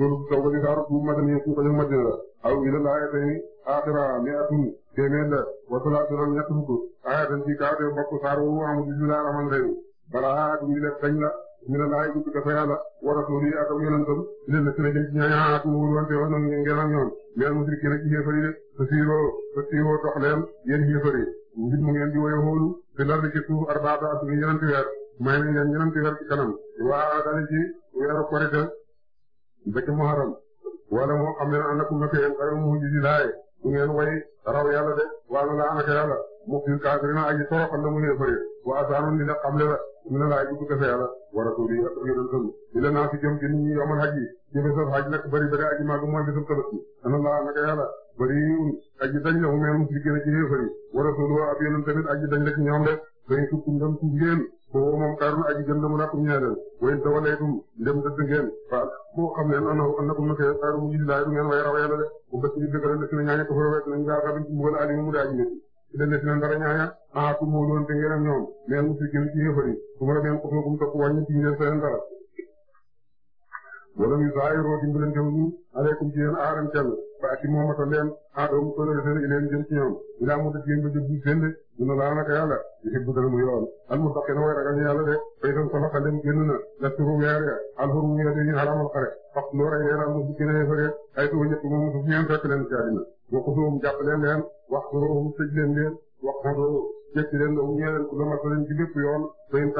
kon sawba ni saaru tuub madani ku ko def madina la aw ilal aayatayni aaxira mi'atun téeméer la wa salaatun ñett fukk aayatan ci kaw te bokk saar woowu amul bismillaahi rahmaani rahiim balaa aayatun bi def kañ la mi ne laay gudd dafa yàlla wa a ak yonentam ilal la si la jëm ci ñaari aayatun ah, wóor wante wax nañu ngeen ak ñoom minal musrikiina ci xéefar de siiroo siiroo dox leen yéen xéefar mu ngeen di woye xoolu te lar di suuf arbaata asuni ñenanti weer mbëkk muharram wala moo xam ne anakum naka yéen xare mu mujj di laaye way raw yàlla de wala laa naka yàlla mu fi kaafirina aji toroxal la mu yéefare wa asaanu ni la xamle la ñu ne laay dugg kese yàlla wala tuuti ak yonentam di la naa fi jëm ci nit ñi yomal hajji ci bésab haj nag bëri bëri aji màgg mooy bésab tabaski ana laa naka yàlla bëri aji dañ la mu mu fi gën a ci yéefari wala tuuti aji dañ la ñoom de foofu moom xayma na aji gën la mën a kum ñaareel ndem dëgg ngeen waaw boo xam ne ana annakum na kay xayru mu jilay du ngeen way raw yàlla de bu bës bi dëggal na sina ñaaña ko fa wet nañ daa xabi ci mbugal alimu mu daaji ne ci la nekk na ñaaña ah ku mu te ngeen ñoom meen mu fi gën ci yëfari ku ma ngeen ko ngum topp wàññi ci ngeen seen dara wala mi zaayiroo dimbalante ñu aleykum ci yéen aaram kenn ba ci moom atal leen aadom ah, toléré leen jëm ci ñoom ilaa mu def yéen ba jëm a seen dina laa naka yàlla di xib dal mu yoon al mu sax kenn way ragal ñu yàlla de bay doon sama xandem na la turu weer ya al huru ya dañuy xaramal xare fax loo rey leen al mu bukki na yëfare ay tuba ñëpp moom suuf ñeen fekk leen ci àddina waxu suum jàpp leen leen wax suum tëj leen leen wax xandoo jëkk leen la ñee leen ku la mat leen ci bépp yoon bayin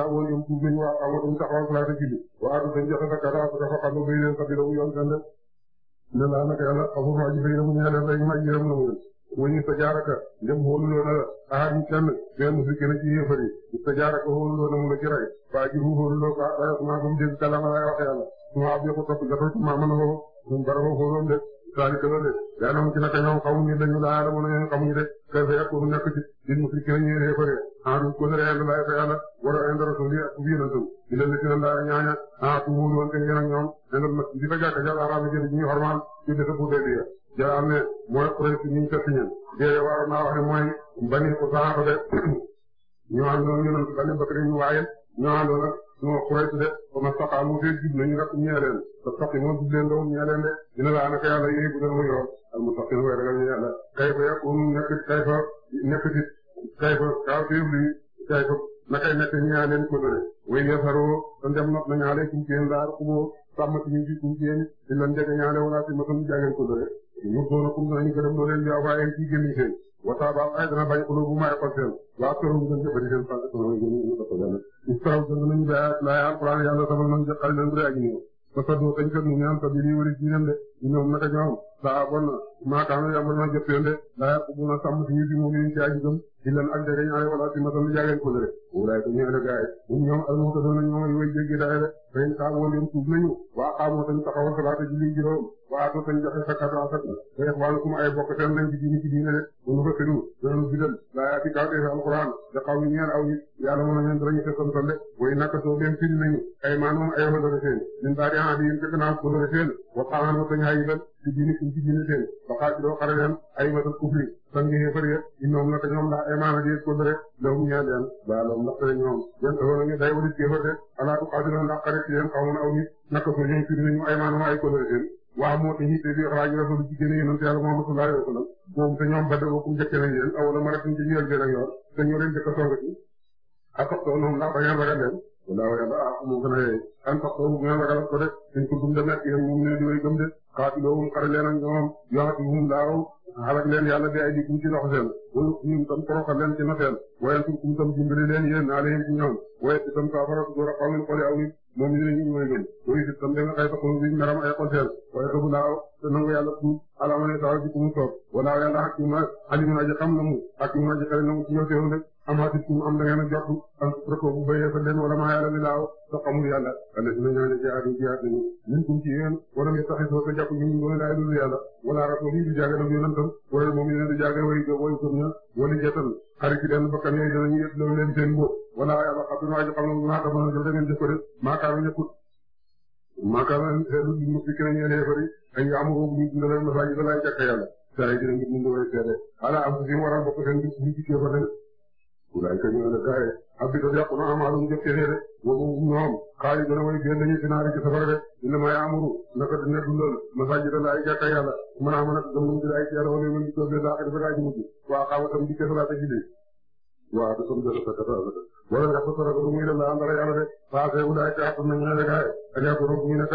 ne laa naka yàlla afur aji fay ramu ñaareel ay ma ji ramu ramu woni sa jaaraka ndem xooluloo na ahad kenn benn musrik na ci yéefar yi sa jaaraka xooluloo na mu la ci ray ba ji ru xooluloo ko ah rayot maa gom dégg kalama lay wax yàlla suma ab yoko topp gatol maa mën a foofu ñun bara foofu xooloom de saalika loolu de yàlla mu ci naka ñoom xamuñu dañu laa yàlla mën a ñoom xamuñu kay fa yàqu nekk ci din musrik na ñu yéefar yi aadum kóllëre ànd laay fa yàlla war a ànd rasul yi ak bii rasul di leen def ci lan laa ñaaña ah ku wóor woon kay yéen ñoom di fa jàkka jàll arabe jëli ñu xormaal ci dëkk bu dee bii jàll am ne mooy Quraysh ñu tëkk ñun. déedéet waroon naa wax ne mooy bani ko saxaaba de ñu àndoon ñu doon bani Bakr ñu waayeen ñu àndoon ak ñu Quraysh de ba ma doom ñeeleen de dina laa naka yàlla yéegu na mu yoroon al mustaqim way ragal ñu yàlla kayfa yakunu nekk kay ko kaw fi mu kay ko nakay nekk ñaa leen ko done way yafaroo ndem not na ñaale ci seen daar ko sàmm ci ñu ci seen di lan jege ñaale wala ci matum jàngeen ko done ñu doona kum nañu gërëm do leen bi afaay ci gëmi seen wata ba ay dana bañ ko bu may ko seen la toro ñu dañ defari seen fa ko ñu ko dana istaraw dañu ñu baat la alquran yàlla tabal man jaqal leen rek ñu ba sa dugub dañu ko nuyu ñaan ko dañuy wëri diinam de ñoom naka ñoom bon na maakaanu yàlla na jot leen de daa yàqu bu na sàmm si ñu si mu ngi ci aji gëm di ak jege ñaare wala si matam di jaageen ko de. walaay ko ñëwee gaay ñun ñoom alhamdulilah ñoom way jéggi daay de dañ xaamoo leen tuub nañu waa xaamoo dañ taxawal salaata julli juróom waaw ba sañ joxe sa kàddu rafet na te def wàllu kum ay bokk seen lañ di ji ci diine de bu nu fa lu danañu bidal laayaa ti kaw def alxuraan da xaw yi ñeel aw nit yàlla mën a leen danañu te santal de way naka soo leen firi nañu ay maanoom ay wëndale seen min baa di haa di yim gëgënaa wëndale seen wa xaanaan wa sañ hayibal ci diine ci diine seen ba xaati doo xare leen ay wëndal kufri sangi xéefar ya innoom naka ñoom laa ay maana di ko dere lahum ñeel leen baa loom ndax tere ñoom yéen ëllëg nga day walit kéefar de alaa tu xaadira ndax xare ci leen xaw mën aw nit naka soo leen firi nañu ay maanoom ay kóllëre seen waaw moo tax it di rajo rasul ci gën a yonent yàlla Muhammad sallallahu alayhi wasallam moom te ñoom bada bookum jëkke nañ leen awala ma ratin ci ñëel bi rek yoon te ñoo leen jëkka songati ak toxtoo noom ndax da ngeen ragal leen walaa yàlla ah moom gën a yooyu an toxtoo bu ngeen ragal ko de suñ ko dum demee yéen moom ne di way gëm de xaatiloohum xare leen a ñoom yoxatihum laaw xalak leen yàlla bi ay di kum ci loxo seen walu kum tam dimbali a xaw moom ñu ne ñu mooy gën mooy si tam dafa xay fa xaw meram ay xol seen waaye xabu naaw te nangu yàlla tuub alama ne taw ji ku mu soob walaaw yàlla xakiim alimun aji xam na mu xakiim aji xare na mu ci ñëw rek amaa gis mu am da a jot ak rëkkoo bu béyee fa leen wala maa yàlla li wa te xamul yàlla allé dina ñaan jihaad jihaad nañu ñun kum ci yéen wala ngeen taxi soo ko jàpp yàlla wala da ngeen jëf ko de am roobu ñu dundal masaa bokk seen bis ñu ci kéefar walaay ka ñëw ne kaay di ko yàqu na amaalum jëf ci réere boobu ñoom xaalis dana way génn amuru naka dina dundal masajida laay jàkka yàlla mën a mën a gëmum di laay ci yàlla wala mën di doobee laax dafa waa xaawa tam di kesalaata ji lii waa da som dëla sakatala wala nga fa saraka du muy la de paase wulaay ka àttum nañu ne de kaay ak dina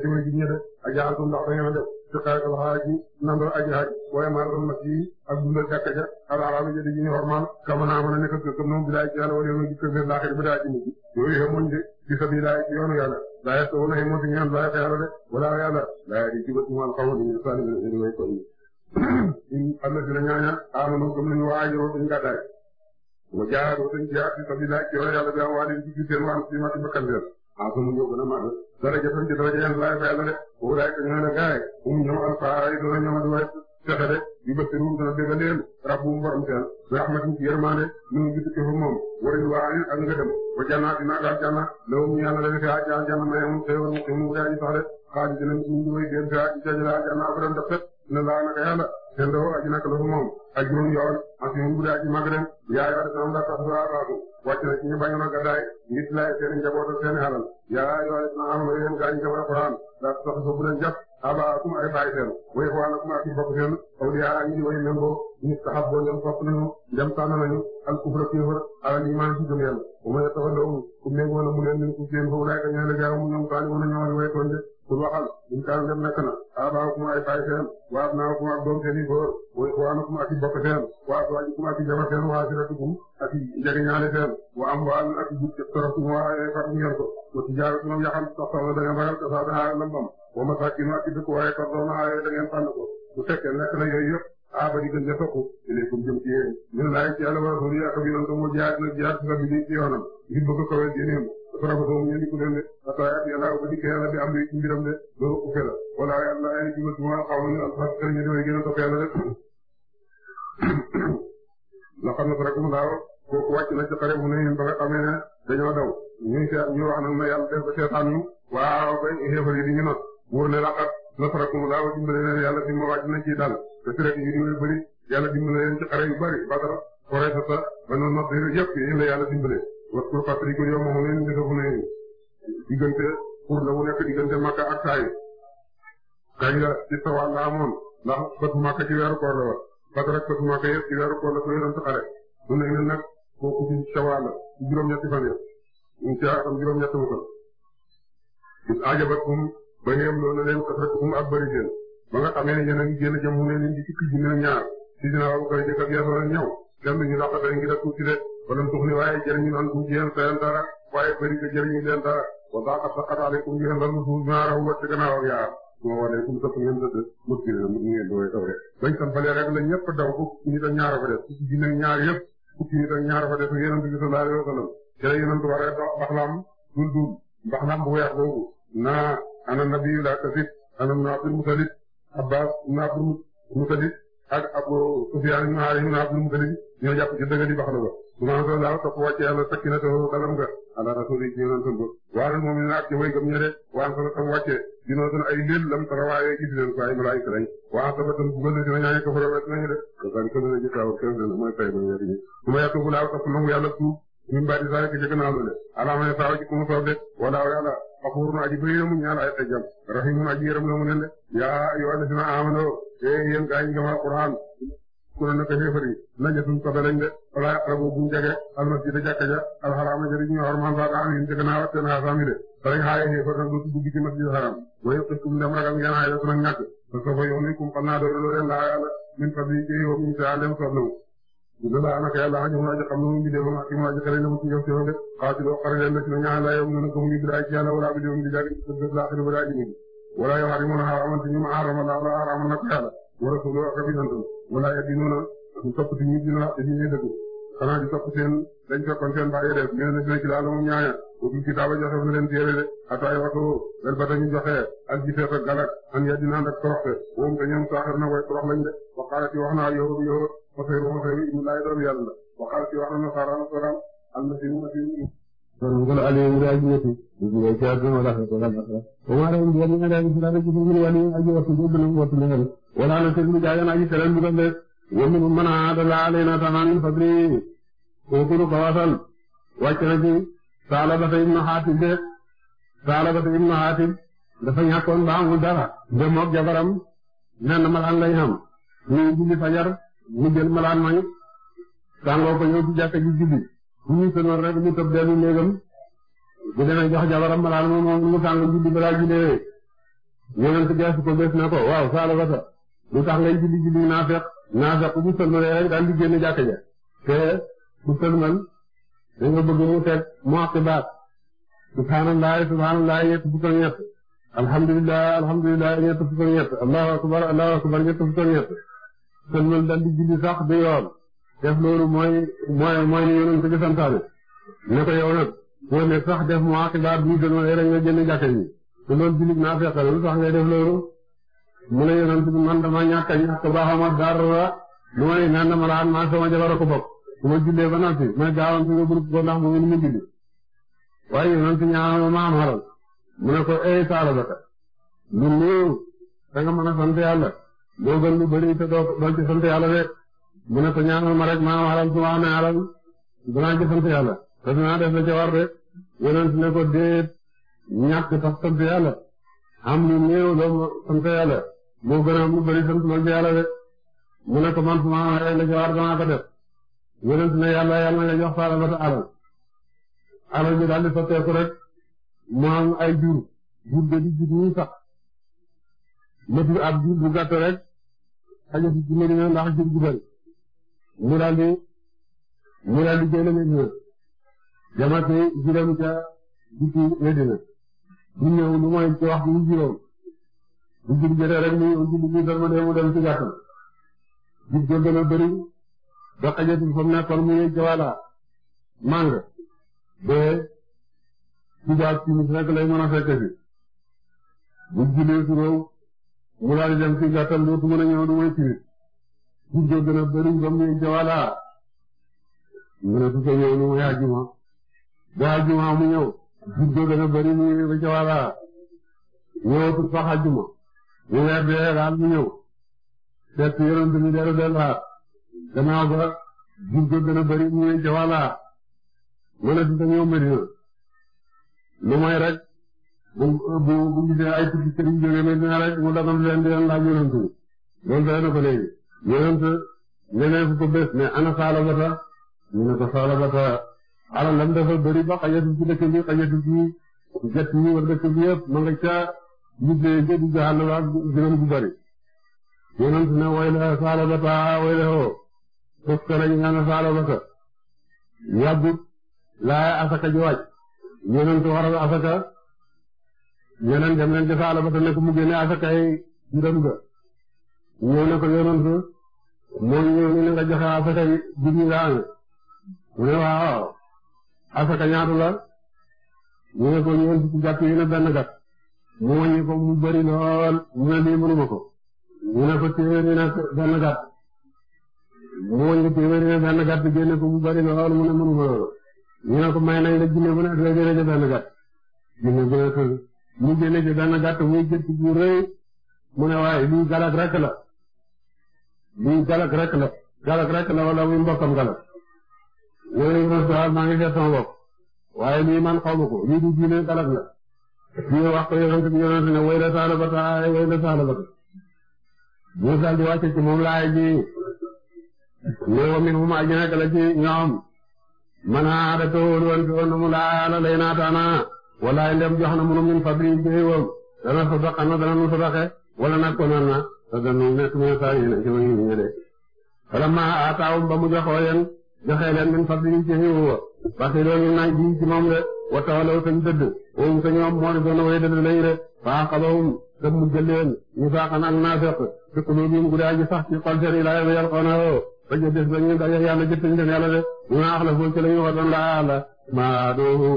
ci way de ak yaatum ndax da iqaagal haaji nandal a haaj waaye maanaam masi ak dundal jàkka ja alaraama jadi ñu hormal kama naa a nekk gëm noom bilaay ci yàlla wala yoonu jikko seen laaxir bi daa ji mujj yooyu xamuñ de di a bilaay ci yoonu yàlla laaye sa wala xamoo si ñaan laaye sa yàlla de wala yàlla laaye di ci bëtu maal xamu ni sali ni way ko in alla si la ñaaña amanu gëm nañu waa ajiroo dañ gàddaay wa jaaroo dañ jihaad di sa bilaay ci yoonu yàlla bi am waa leen ci seen waan si ma ci bakkan leen ah sama ñëw gën a màgg dara jëfam ci wulaay ka ñoo ne gaay um ñoom alfaay dana ñoom du wet fexe de yu bët ruum dana dégg leen rabbum borom seen bi rahmatin ci yërmande ñu gisu ko fa moom wari waanin ak ngëdëm ba jannaat dina lawum yàlla la fi ajjana janna mayum xéewal mu ximu gaañu sax de xaaju dinañ ñu way dem fi ajjana janna abadan daf na laa naka yàlla ten doo aji naka lafu moom ajrun yoon aji mag den yaa yor la tax daa baaxu wàcc na ci ñu bañoon a gaddaay ngir lay seen njaboot ak seen xalal yaa yor islam amul yéen gaa ñu gëm la tax soo bu leen jàpp abaakum ay baay seen way waanakum ak mbokk seen awliyaa ñu di way memboo ñu taxab boo ñoom sopp nañu dem tànn nañu al kufra kéefar alal iman ci gëm yàlla bu ma ne taxal doom ku méngoo na kul waxal in dem nekk na abaakum ah, ay baay seen wa abnaakum ak doom seen i góor wa ixwaanukum ak i bokk seen wa azwaajukum ak i jabar seen wa asiratukum ak i njëriñaale seen wa amwaal ak i jub torokum waaye fatu ngeen ko wa tijaaratun yaxam soxla da ngeen ragal kasaadaha lambam wa masaakinu ak i dëkk waaye tardoonaha da ngeen tànn ko bu na yooyu yëpp aba ah, di gën a topp ilaykum jëm ci yéen min laay ci yàlla wa rasuuli ak bi yoon ko mu jaar na jaar ci rabbi ci yoonam ngir bëgg ko wel diineem dafa ko ñu ko leen de ataaya yàlla ko dikkee yàlla bi am ci mbiram de do ko fela wala yàlla ay juma duma xawni al fasir ñu doy gën a topp yàlla rek la xam na mu daaw kooku wàcc na ci xare mu ne ba nga xamee dañoo daw ñu ci ñu wax nag na yàlla def seetaan ñu waaw ba xéefar yi di ñu not wóor ne laqat nasarakum laaw dimbale leen yàlla dimbale leen ci yu bëri badara xore sa ba noonu not waskul fàttali ko yow moom lañ defa Hunayn diggante pour la mu nekk diggante Makka ak Taif kañ la ci sawaan la amoon ndax bëtu Makka ci weeru koor la woon Badar ak bëtu Makka yëpp ci weeru koor ko doon taxare Hunayn nag kooku ci Shawwal la ci juróom-ñetti ya incha am juróom-ñetti mu ko bis ajabatkum ba ngeen loolu na leen kasratukum ak bëri seen ba nga xamee ne yéen a ngi génn jëm Hunayn di ci walam tux ni waaye jëriñu nan um ci yéen seen dara waaye a nga jëriñu leen dara wa daqat saqat aleykum yéen la suuf ñaaraw wacc gannaaw ak yaar suma waleykum sëpp ngeen dëdd muskil na mu ngeen dooy daw rek bañ tan falee rek la ñëpp daw fukki nit ak ñaar fa def fukki jinne ak ñaar yëpp fukki nit ak ñaar fa def yonent bi sallallahu alayhi wa sallam ci la yonent war a baxlaam dul dul baxlaam bu weex boobu naa ana nabiyu la kasib ana ibn abdul mutalib abbas ibn ak Abu Sufyaan ibn Ali ibn Abdul Muttalib ñoo jàpp ci dëgg di baxlu ba subhaanahu wa ta'aala topp wàcce yàlla sakinatahu dalam ga ala rasuuli ci yonentam ba waaral moom na ak ci way gëm ñe de waan sala tam wàcce dinoo tan ay léel lam tarawaaye gis leen ko ay malaayika lañ waa saba tam bugal na dina ñaane ko fara wet nañu de kasan kën na jëkkaaw kën na mooy fay ba wet ñi su ma yàttu bu laaw topp nangu yàlla tuub min baadi saa ke jëkk naa te yéen gaa yi gama Alxuraan ku ne naka xéefar yi najatum sobe lañ de wala yaqrabu buñ jege almasjida jàkka ja alxaraama jëri ñu war man saaka amin jëgg naa watte naa saami de balañ xaaye xéefar nag dootu dugg ci masjid xaram wayu xistum dem ragal ngeen xaaye su nag ñàkk kum xam naa doori loo leen laa yàlla min fadli ci yow min saa dem na mu dina laa naka na mu mbidee ba ma ki mu aji xale na mu ci jëf ci fa de xaatiloo xare leen na ci na ñaan laa yow na na gëmuñu bi daa wala yoo xam ne moom xaramante ni mu xarama la wala xaramoon na ko yàlla wala suuf loo xam ne sant wala yàgg noonu ñu topp ci ñi dina wax te ñu ngi dëgg xanaa di topp seen dañ fekkoon seen bàyyi def ñu ne dina ci laal moom ñaaya ubbi kitaaba joxe na leen téere de ataay waxtu bel ba dañu joxe ak gisee ak galak an yàgg naan ak toroxte woom te ñoom saaxir na way torox lañ de waxaarati wax naa yow yow xosee xosee bi ñu laay doon yàlla waxaarati wax na nasaraan nasaraan al masiihu masiihu kon mu ngi la Aliou Ndiaye di njëkk di njëkk ci àdduna wala xam nga xam nga xam nga xam nga xam nga xam nga xam nga xam nga xam nga xam nga xam nga wala na seen jaaga naa ci terrain bi tam de yéen ñu mën a dalal leen a taxaani fagri kooku lu ko wasal wàcc na ci Saalabata ibnu Xaatib de Saalabata ibnu Xaatib dafa ñàkkoon ba amul dara de moog jabaram nenn malaan ko ñëw ci jàkka bu ñu sënoon rek mu tëb dellu néegam bu demee jox jabaram malaan moom mu tàng julli balaa jullee yonent gees ko bés na ko waaw saala ba sa lu tax ngay julli julli naafeq naafeq bu sëlmalee rek daal di génn jàkka ja te bu sëlmal da nga bëgg mu teg mu àq baat subhaanallah subhaanallah ñett fukk ak ñett alhamdulilah alhamdulilah ñett fukk ak ñett allahu akbar allahu akbar ñett fukk ak ñett sëlmal daal di julli sax du yoon def loolu mooy mooy mooy ni yonent bi santaane ne ko yow nag boo ne sax def mu aqibaat bii gënoon rek nga jënd jàkka yi te loolu mu ne yonent bi man dama ñàkk a ñàkk ba xam ko bokk bu ma jullee ba noppi ma gaawoon fi nga bëgg ko mu ngi mu julli waaye yonent ñaanal ma am xaral mu ne ko ay taala ba ka lu néew da mën a sant yàlla doo gën lu bëri te doo doo ci yàlla rek. mu nekk ko ñaanal ma rek maa waral su ma amee alal dinaa jëfante yàlla te dinaa def la ca war de yonent ko déet ñàkk sax sant yàlla am lu néew loo sant yàlla moo gën a am lu bari sant ma yàlla de mu nekk man su ma amee la ca yàlla yàlla nga jox faala ba ta daal di sotteeku rek mu am ay jur jur de di jur ñuy sax matul ab jur bu gàtt rek xajasi ci Medina ndax jur bu bari mu daal di mu daal di jëlee Medina jamaatee juróom ca dikki Medina du ñëw lu mooy ci wax bu juróom bu jub jotee rek mu ñëw jub bi dama dem mu dem ci gàttal jub jël dana bëri ba xajatul fa mu nekkoon mu yëg a fekk fi bu bu jóg na bëriñ ba muy jawala mu ne su fekkee nu muy ajuma ba mu ñëw bu jóg na bëriñ muy ba jawala ñëwatul sax ajuma mu weer dee daal mu ñëw seet yonent bi mu ne su fekkee ñëw Medina lu mooy rek bu bu bu ay tukki sëriñ jóge Medina rek mu dagal leen di leen laaj yonent bi ko léegi yonent ñeneen fu ko bés mais ana Saalabata ñu ne ko Saalabata alalam dafa bëri ba xajatul ci dëkk bi xajatul ci gerte ca liggéey nga di jahannama ak gënam bu bëri yonent ne wayla Saalabata wayla hoo fos ka lañu ñaan Saalabata yàggut laa asaka ji wàcc yonent waral asaka ñeneen dem leen asaka yi ndam ga ñëw na ko yonent moom ñëw ñu ne nga joxe asaka bi nga amee mu ne waaw asaka ñaata la ñu ne ko ñëwent ci gàtt yi ne benn gàtt mu wàññi ko mu bari lool mu ne lii mënuma ko ñu ne ko téeméeri ne benn gàtt mu wàññi téeméeri ne benn gàtt génne ko mu bari lool mu ne mënuma loolu ñu ne ko may nañ la jinne bu ne la génne ci benn gàtt jinne bu ne mu génne ci benn gàtt muy gëtt bu rëy mu ne waaye lii galag rek la muy galak rek la galak rek la wala muy mbokkam galak yooyu mos daal maa ngi seet sama bopp waaye nii man xaw ma ko lii di diine galak la ñu wax ko yonent bi yonent ne way la saala bata way la saala bata ñu daal di wàcce ci moom laay ji léewa min fu ma aji nekk la ci ñoom man a da tawul woon fi woon mu laala lay naataana walaay ndem jox na munu min fadli jéewam dana sadaqana dana nu sadaqe wala nag ko nan na dagan moom nekk a ne saa yéene ci way ñi de vraiment aataawum ba mu joxoo leen joxee leen min fadlihi ci xiwu wa parce que loolu nañ ji ci moom de watawalaw a dëdd wowum te ñoom moo ne doona way dëdd lañ de faa mu jëleen ñu faaxan ak naafeq fi qulubihim gudaa ji sax ci xol seen ilaa yawma yalqawnahu ba jë bés ba ñu daje yàlla jëttañ seen ma axla foofu la ñu waxoon laa àlla maa doohu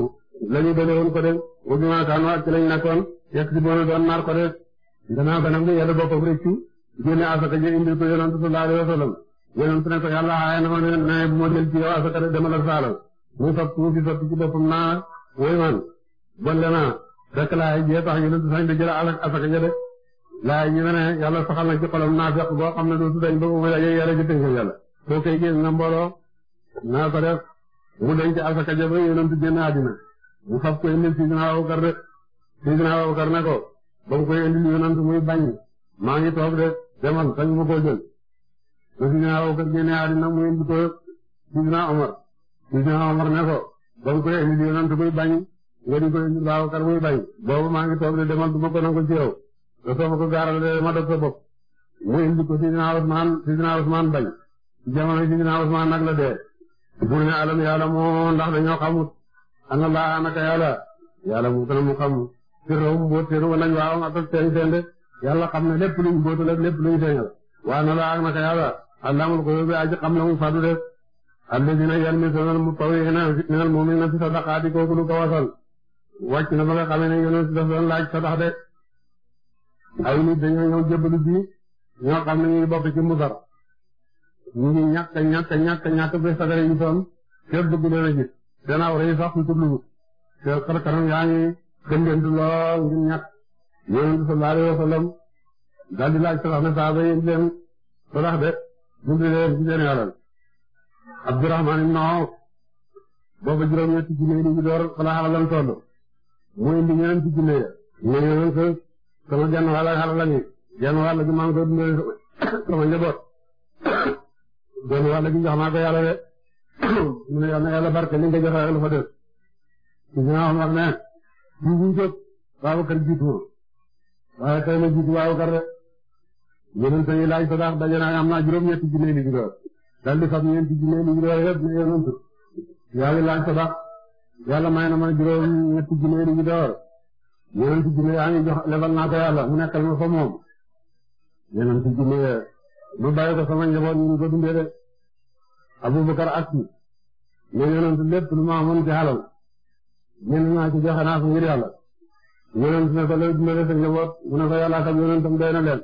la ñu bële woon ko de wa bi ma kaan waa ci lañ nekkoon yegg si boona doon naar ko gannaaw ba nag yàlla boppam rëccu génne asaka ji indi ko yonent sallallahu alayhi wa sallam yonent ne ko yàlla aaye na ma ne ne bu ma ci yow asaka de demal ak saalo mu sopp mu fi sopp ci boppam naa woy bolle naa rek laay jee tax ñu ne du sañ de jël asaka ja de laay ñu ne yàlla saxal na ci xolam naa fekk boo xam ne dootu dañ ba mu daje yàlla ci tënk yàlla boo koy gis nga mbooloo naa mu denc asaka ja ba yonent génn àddina mu fab ko indi Sidina Abubakar de ba mu koy indi yonent muy bañ maa ngi toog de demal sañ ma ko jël ba si ñaaw ba génne àddina muy indi ko Sidina Omar Sidina ne ko ba mu koy indi yonent muy bañ nga di ko indi Baabakar muy bañ boobu maa ngi toog de demal du ma ko nangu ci yow te soo ma ko gaaral de ma dog sa bopp mu indi ko Sidina Usmaan Sidina bañ ci jamono Sidina Usmaan nag la dee bu ne alam yàlla moo ndax dañoo xamut ana laa naka yàlla yàlla mu gën mu sirru mbóot sirru wala waaw nga toog seen seen de yàlla xam ne lépp luñ mbóotal ak lépp luñ feeñal waa na la ak naka yàlla allamul xuyubi aji xam na mu fadu def alladina yalmisuna al-mutawwi'ina min al-mu'minina fi sadaqaati kooku ko wasal wàcc na ba nga xamee ne yonent daf doon laaj sadax de ay nit dañoo ñëw jëbbalu ji ñoo xam na ñu bokk ci musar ñu ngi ñàkk ñàkk ñàkk ñàkk ba sadare yi doon kenn bëgg leen a gis seen awra yi sax ñu gëndeen du lool ngir ñàkk yonent bi sallallahu alayhi wa sallam di laaj sarax ne saaba yi leen sarax de mu leen di leen yoral Abdurahmaan ibn Awf booba juróom-ñetti mu indi ñeenti junne mu ñëwoon que sama genn wàll ak xalalan yi genn wàll gi maa ngi koy dundee sama njaboot genn wàll gi jox maa ko yàlla mu ne yàlla barke li nga la fa def ci ginnaaw ñu ngi jóg Babacar jiitu ma waaye tey ma jiitu Babacar rek yonent yi laaj ko daal daje naa am naa juróom-ñetti junne li juróom daal di xam ñeenti junne li juróom yëpp na yonent yàlla laaj ko daal yàlla may na ma juróom-ñetti junne li juróom yonent junne yaa ngi jox lebal naa ko yàlla mu nekkal ma fa moom yonent junne ma bàyyi ko sama njaboot ñu ngi ko dundee de Abubakar ak mais yonent lépp lu ma amoon ci halal ñenn ñaa ci joxe naa ko ngir yàlla yonent ne ko léegi dundale a njaboot mu ne ko yàlla ak yonentam doy na leen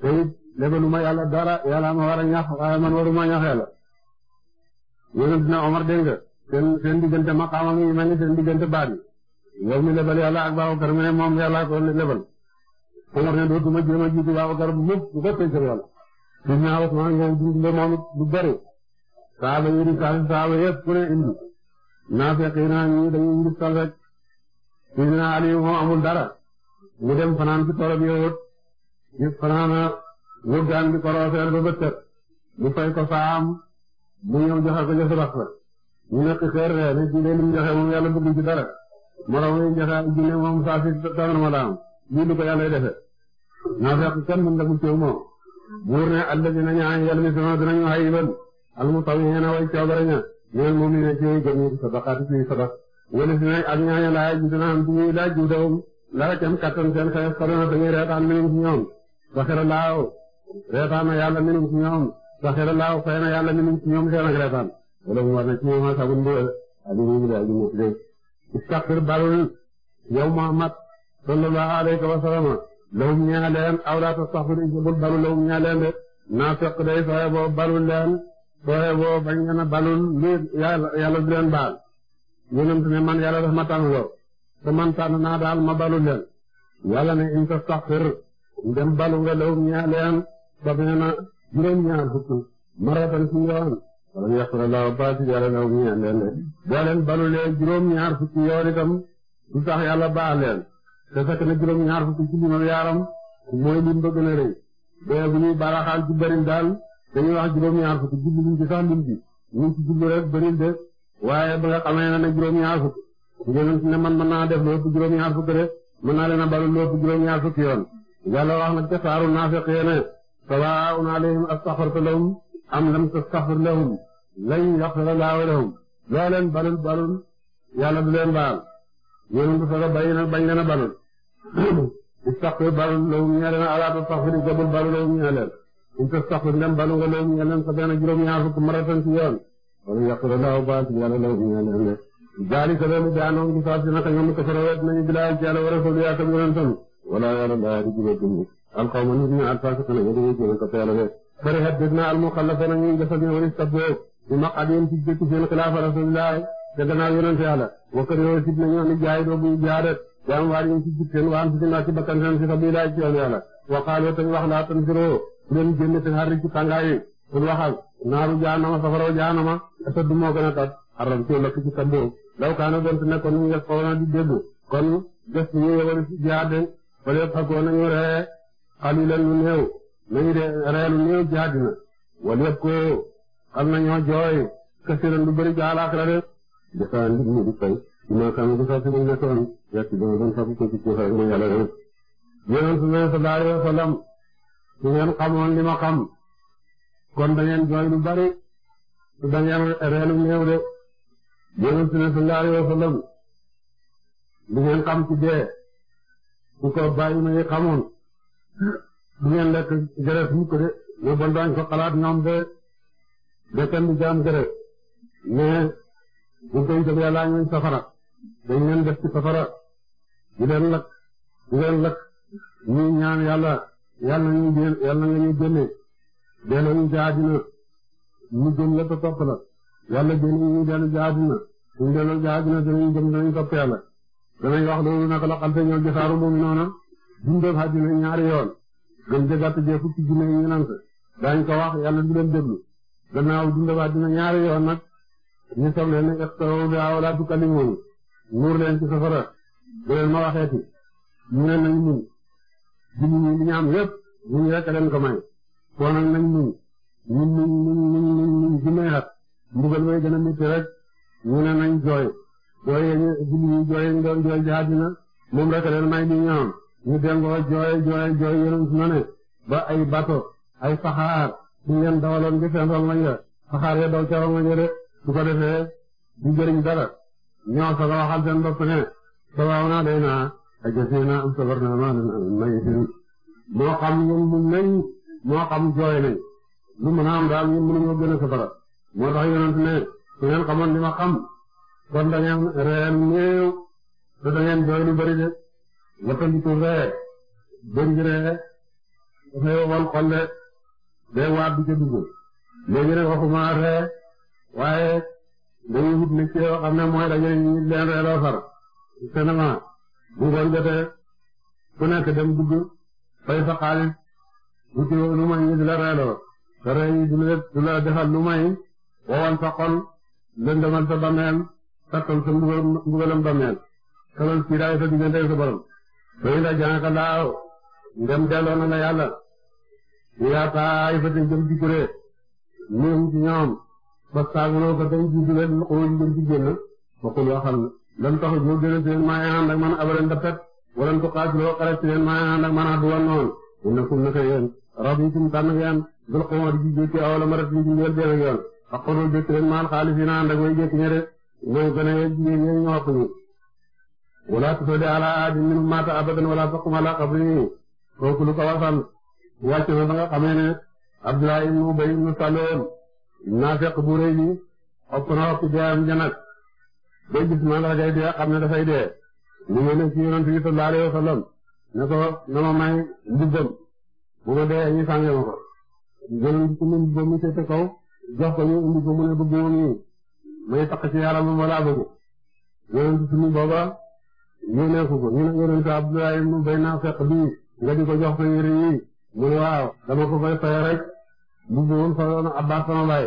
te it lebaluma yàlla dara yàlla ma war a ñax a man waruma ñax yàlla yonent ne Omar dégg nga seen seen diggante maqaama mi mel ni seen diggante baat yi yow mi lebal yàlla ak Baabakar mu ne moom yàlla ko lebal Omar ne dootuma jéem a jiitu Baabakar bu mukk bu ko tëjee yàlla. fi mu ne ah Ousmane moom moom du bëri saa ba yëri saa ba yëpp naafeq yi naa ñii dañuy njub tal rek Seydina Ali moom amul dara mu dem fanaan ci tool bi yowut ñu fanaana wëggaan bi koroseel ba bëccëg mu fay ko saam mu ñëw joxe ko joxe bas la ñu nekk xeer ree ne ci leen joxe moom yàlla bëgg ci dara moroom yi joxe ak jinne moom saa si tawar ma daam lii lu ko yàlla defe naafeq na mën dagul cëw moom buur ne allazina ñaa yalmisuna dinañu hayban al mutawwi'ina way coobare ña ñoom moom a ne jëyee jëm ñu sadaqaati suñu sadaq wala si nag ak ñaañu laaj ñu dina am bu ñuy laaj jiw dawam dara kenn kattan seen xeex xarala da ngay reetaan minum ci ñoom saxira laaw reetaan na yàlla minum ci ñoom saxira laaw fay na yàlla minum ci ñoom seen ak wala mu war ci ñoom a sabun bu alimu bi alimu bi dee istaqfir barul yow Muhammad sallallahu alayhi wa sallam lahum ñaa leen aw la tastaxfir bul barul lahum ñaa leen de naa fekk day fay boo barul leen sooxe boo bañ ngeen a balul lu yàlla yàlla leen baal yonent ne man yàlla daf ma tànn loo te man tànn naa daal ma balul leen yàlla ne in tastaghfir ndem balu nga lawum ñaa leen sabiina juróom-ñaar fukk maratan ci yoon walam yaghfir Allahu baati yàlla lawum ñaa leen de boo leen balulee juróom-ñaar fukk yoon itam du tax yàlla baal leen te fekk na juróom-ñaar fukk ci limam yaaram mooy lim ba gën a rëy bee bu ñuy baraxaal ci bërim daal dañuy wax juróom-ñaar fukk jublu ñu ci sax lim bi ñu ci jublu rek bëri de waaye ba nga xamee ne juróom-ñaar fukk man mën naa def lu ëpp juróom-ñaar fukk de mën naa leen a balu ñaar fukk yoon yàlla wax nag ca saaru naafiq yéene sawaa'un alayhim astaghfarta lahum am lam tastaghfir lahum lan yaghfira Allahu lahum loo leen balul balul leen baal yéen bu soobee bañ na bañ leen a balul istaghfir balul lahum ñee leen alaata tastaghfir in tastaghfir ndem balu nga leen nga leen sa benn juróom-ñaar fukk maratan ci yoon wala yaqul allahu baal ci yàlla law ñu ne ne jaali sa leen daanoo di faat naka ñoom ko fara wet nañu bilaay ci yàlla war a sol yaa tam yonent tam wala yàlla laa di jubal dund alqawma nit ñu alfaasiqun nga dañuy jël ko teel a fekk fari xet dégg naa almuxallafana ñuy defal ñu wari sabboo di maqadim ci jëkk seen xilaafa rasulillahi te gannaaw yonent yàlla si dinaa si sabilaay leen génne seen xarit ci tàngaay yi pour waxal naaru jaanama safara jaanama te du moo gën a tat aram ci lakk ci kàddoo law kaana doon te nekkoon ñu ngi ko di dégg kon gës bu ñu yowal ci jihaad de ba lépp de ree lu na wala yëpp ko xam nañoo jooy kasiran lu di fay dinaa xam ne sax si mu nekkoon yàq bi ma doon fàttali ko ci kii xarit rek yéen a ngi fi su ngeen xamoon li ma kon da ngeen jooy bari da ngeen reelu néew de yonent ne sallallahu alayhi wa sallam lu ngeen xam ci dee su ko bàyyi ma yi xamoon du ngeen lekk gërës mukk de ne bon daañ ko xalaat ñoom de de kenn jaam gërës mais bu koy def yàllaa ngeen safara dañ leen def ci safara di leen lakk di leen lakk ñuy ñaan yàlla yàlla nañu génn yàlla nañu génne delluñu jaadina ñu gëm la te topp la yàlla génn ñu dellu jaadina suñu na jaadina danañ gëm danañ topp yàlla danañ wax loolu naka la xam te ñoom gisaaru moom noonu dundal àddina ñaari yoon gëm ca gàtt jee fukki na yi ñenant daañ ko wax yàlla du leen déglu gannaaw dundal àddina ñaari yoon nag ñu soog leen ne extaro bi aw laa tukalimoon muur leen ci safara bu leen ma waxeeti mu leen nañ muñ li ñu li ñu am lépp ko may kon nag nañ muñ muñ muñ muñ muñ muñ muñ junnee xat mbugal may gën a rek ñu ne nañ jooy jooy yañu julli moom rek leen may li ñu ñu dengoo jooy jooy jooy yéen su ba ay bato ay saxaar suñ leen dawaloon ci seen rongoñ la saxaar ya daw ca rongoñ la de su ko defee du jëriñ dara ñoo sa la waxal seen bopp ne sabaaw naa day naa ajasina am sabarna ma maytin moo xam ñun muñ nañ moo xam jooy lu mën a am daal ñun mënuñoo gën a safara moo tax yonent ne su ngeen xamoon li ma xam kon da ngeen reen néew te da ngeen jooy lu bari de wattandiku ree bëngi ree dafay wal xolle day waat du ca dugg léegi nag waxuma ree waaye dañuy wut ne ci yoo xam ne mooy dañuy leen reeloo far cinéma bu ngoon jotee ku nekk dem dugg fay sa xaalis wuti lu may di la reeloo te du la defal lu may wowal sa xol lëndamal sa bameel takkal sa mbugalam bameel solol kiiraay sa diggante sa borom fay la janaka laaw ndem delloo na la yàlla yaataay fa te jëm ci kuré ci ñoom ba saaguloo ko tey ji dugal xuuj jëm ci génn waxul waxal lan tax a jóg jëlee si leen maa ànd ak man abaleen da pet wala nga ko xaaj loo xale si leen maa ànd ak man àddu woon noonu mu nekkum naka yéen radiitum tànn ngeen dul di ci jékki awala ma rek ñu ci njël benn yoon ak xonul jëkk leen maal xaalis yi na ànd ak way jëkk ñe de mooy gën a yéen jigéen ñi ñu waxuñu wala tusalli ala ahadin minhum maata abadan wala taqum ala qabrihi kooku lu ko wasan wàcc na ba nga xamee ne Abdullah ibn Ubay ibn Salul naafiq bu ba gis malaaka dee xam ne dafay dee ñu ma ne ci yonent bi sallallahu alayhi wa sallam ne ko na ma may mbubbam bu ma dee ñu sànge ma ko yonent bi mbubbam mi seete kaw jox ko ñu indi ko mu ne bëgg moom yi may takk ci yaramam wala bëgg yonent suñu booba ñu nekku ko ñu ne yonent Abdoulaye mu bay naa fekk bii nga di ko jox ko yére yi mu ne waaw dama ko fay fay rek mbubbam fa yoon Abbas sama baay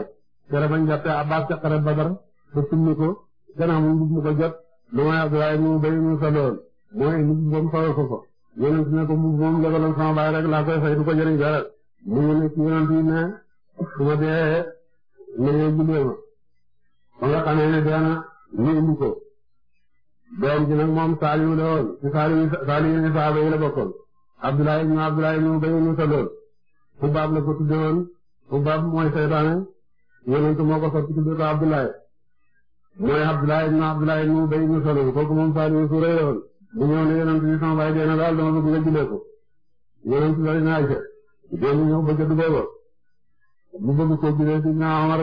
tere bañ jàppee Abbas ca xare Badar ba summi ko gannaaw mu mu ko jot lu may Abdoulaye mu béy mu sa lool mooy nit moom solo ko ko yonent ne ko mu moom lebaloon sama baay rek laa koy fay du ko jëriñ dara mu yónnee ci yonent yi ne su ma dee na ngeen jullee ma ba nga xamee ne dee na ñu indi ko doom ji nag moom Saliou la woon ci Saliou Saliou ne saaba yi la bokkoon Abdoulaye ibn Abdoulaye mu béy mu sa lool Xubaab la ko tudde woon Xubaab mooy seytaane yonent moo ko sotti tudde ko mooy Abdullah ibn Abdullah ibn Ubay ibn Salul kooku moom Saliou su rëy la woon bu ñëw ne yonent bi sama baay dee na daal dama bëgg nga jullee ko yonent bi dañ naa ca dégg ñëw bëgg a dugal ko mu bëgg koo jullee si naa Omar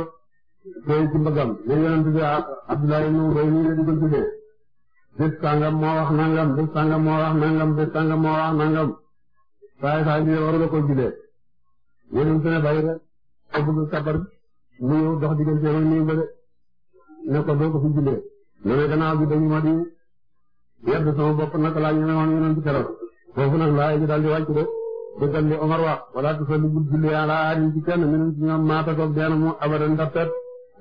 tey ci mbagam ne yonent bi ah, Abdullah ibn Ubay nii la di ko jullee bés sangam moo wax nangam bés sangam moo wax nangam bés sangam moo wax nangam saay saay bi war nga koo jullee yonent ne bàyyi rek ko bëgg kabar mu ñëw dox diggante ba nii ba de ne ko doo ko fi jullee mu ne gannaaw bi dañu ma di yedd sama bopp nag laa ñu ne woon yeneen ci keroog foofu nag laa yëg daal di wàcc de dëggal li Omar wax wala tu salli bul ñoom maata toog deen mu abadan ndax pet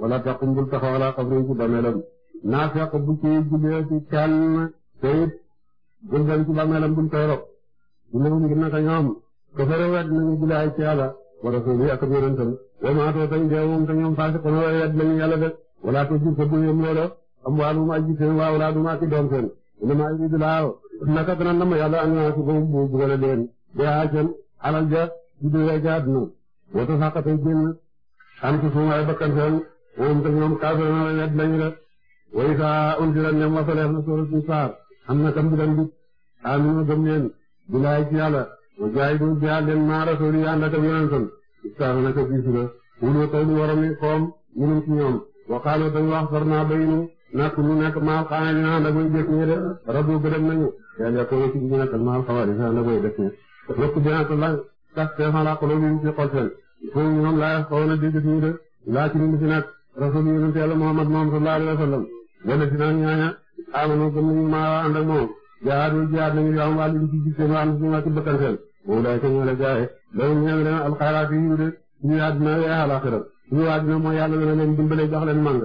wala taqum bul taxaw ala qabri ci bameelam naa fekk bu ci ci kenn te it bul dem ci bul koy rob julewum ngi ñoom ko fere wet nañu julli ay ci yàlla wa rasuli ak yonentam maatoo tañ deewum te ñoom faasi wala ko jur fa bu yem loola am waalum aji seen waa maa ci doom naka dana nam yàlla an ko bu bugale leen de aajan alal ja du dee ja aduna wata saqatay génn am ci suum ay bakkan seen woom um te ñoom kaafir na la yedd lañu de way saa unzila ñam wasaleef na sooratul saar am na kam bilan bi aminu gëm leen bilaay ci yàlla wa jaay du jaal leen maa rasuuli ànd ak yonentam istaana naka biisu la wuloo taw waqaalo dañu wax far naa bayinu nak ñu nekk maal xaana ñu naan da koy jëf ñi de rabbu gërëm nañu yàlla ko ci ñu nekk maal xawaari sa da koy def ñi rokk bi na la tax te fa la ko ñu ci xol seen fo ñu ñoom laa xawna dégg ñu de laa ci ñu ci nak rasul yonent yàlla muhammad moom sallallahu alayhi wasallam wala ci naan ñaña amanu gëm suñu waa dina mooy yàlla dana leen dimbale jox leen màng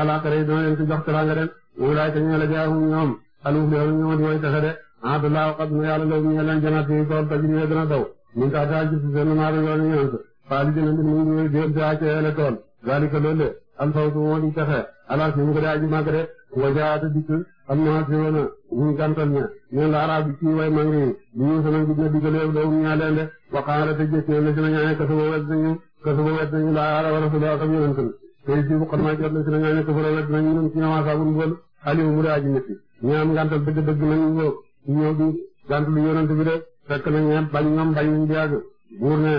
alaxira yi dana leen ko jox teranga den wulaay te ñu la jaay ñoom aluf leen ñoom di way taxe de ah de laa waxat na yàlla loolu ñu leen janaat yi tool tajriwe dana daw mun taa taa gis seen maa doon yoon yonent faa li jëna mbir mu ngi jéem saa ci yele tool zalika loolu al fawtu moo di taxe alaas ñu ko daa ji màgg de wajaata dikk am naa si woon ñu gàntal ña ñun la arab bi ci way mangi yi ñu sama gudna digal yow loolu ñaa leen de waxaana te te su ma wedd ñu laa ala wala su laa xam yonent bi tey jii bu xam naa jot na si ne ñooñu ko fa la wedd nañ ñu doon ci ñoom asaabu mbool Aliou mu daa ji ñetti ñu am gàntal dëgg dëgg nañ ñëw ñëw di gàntal yonent bi de fekk nañ ñëpp bañ ñoom bañ nañ buur ne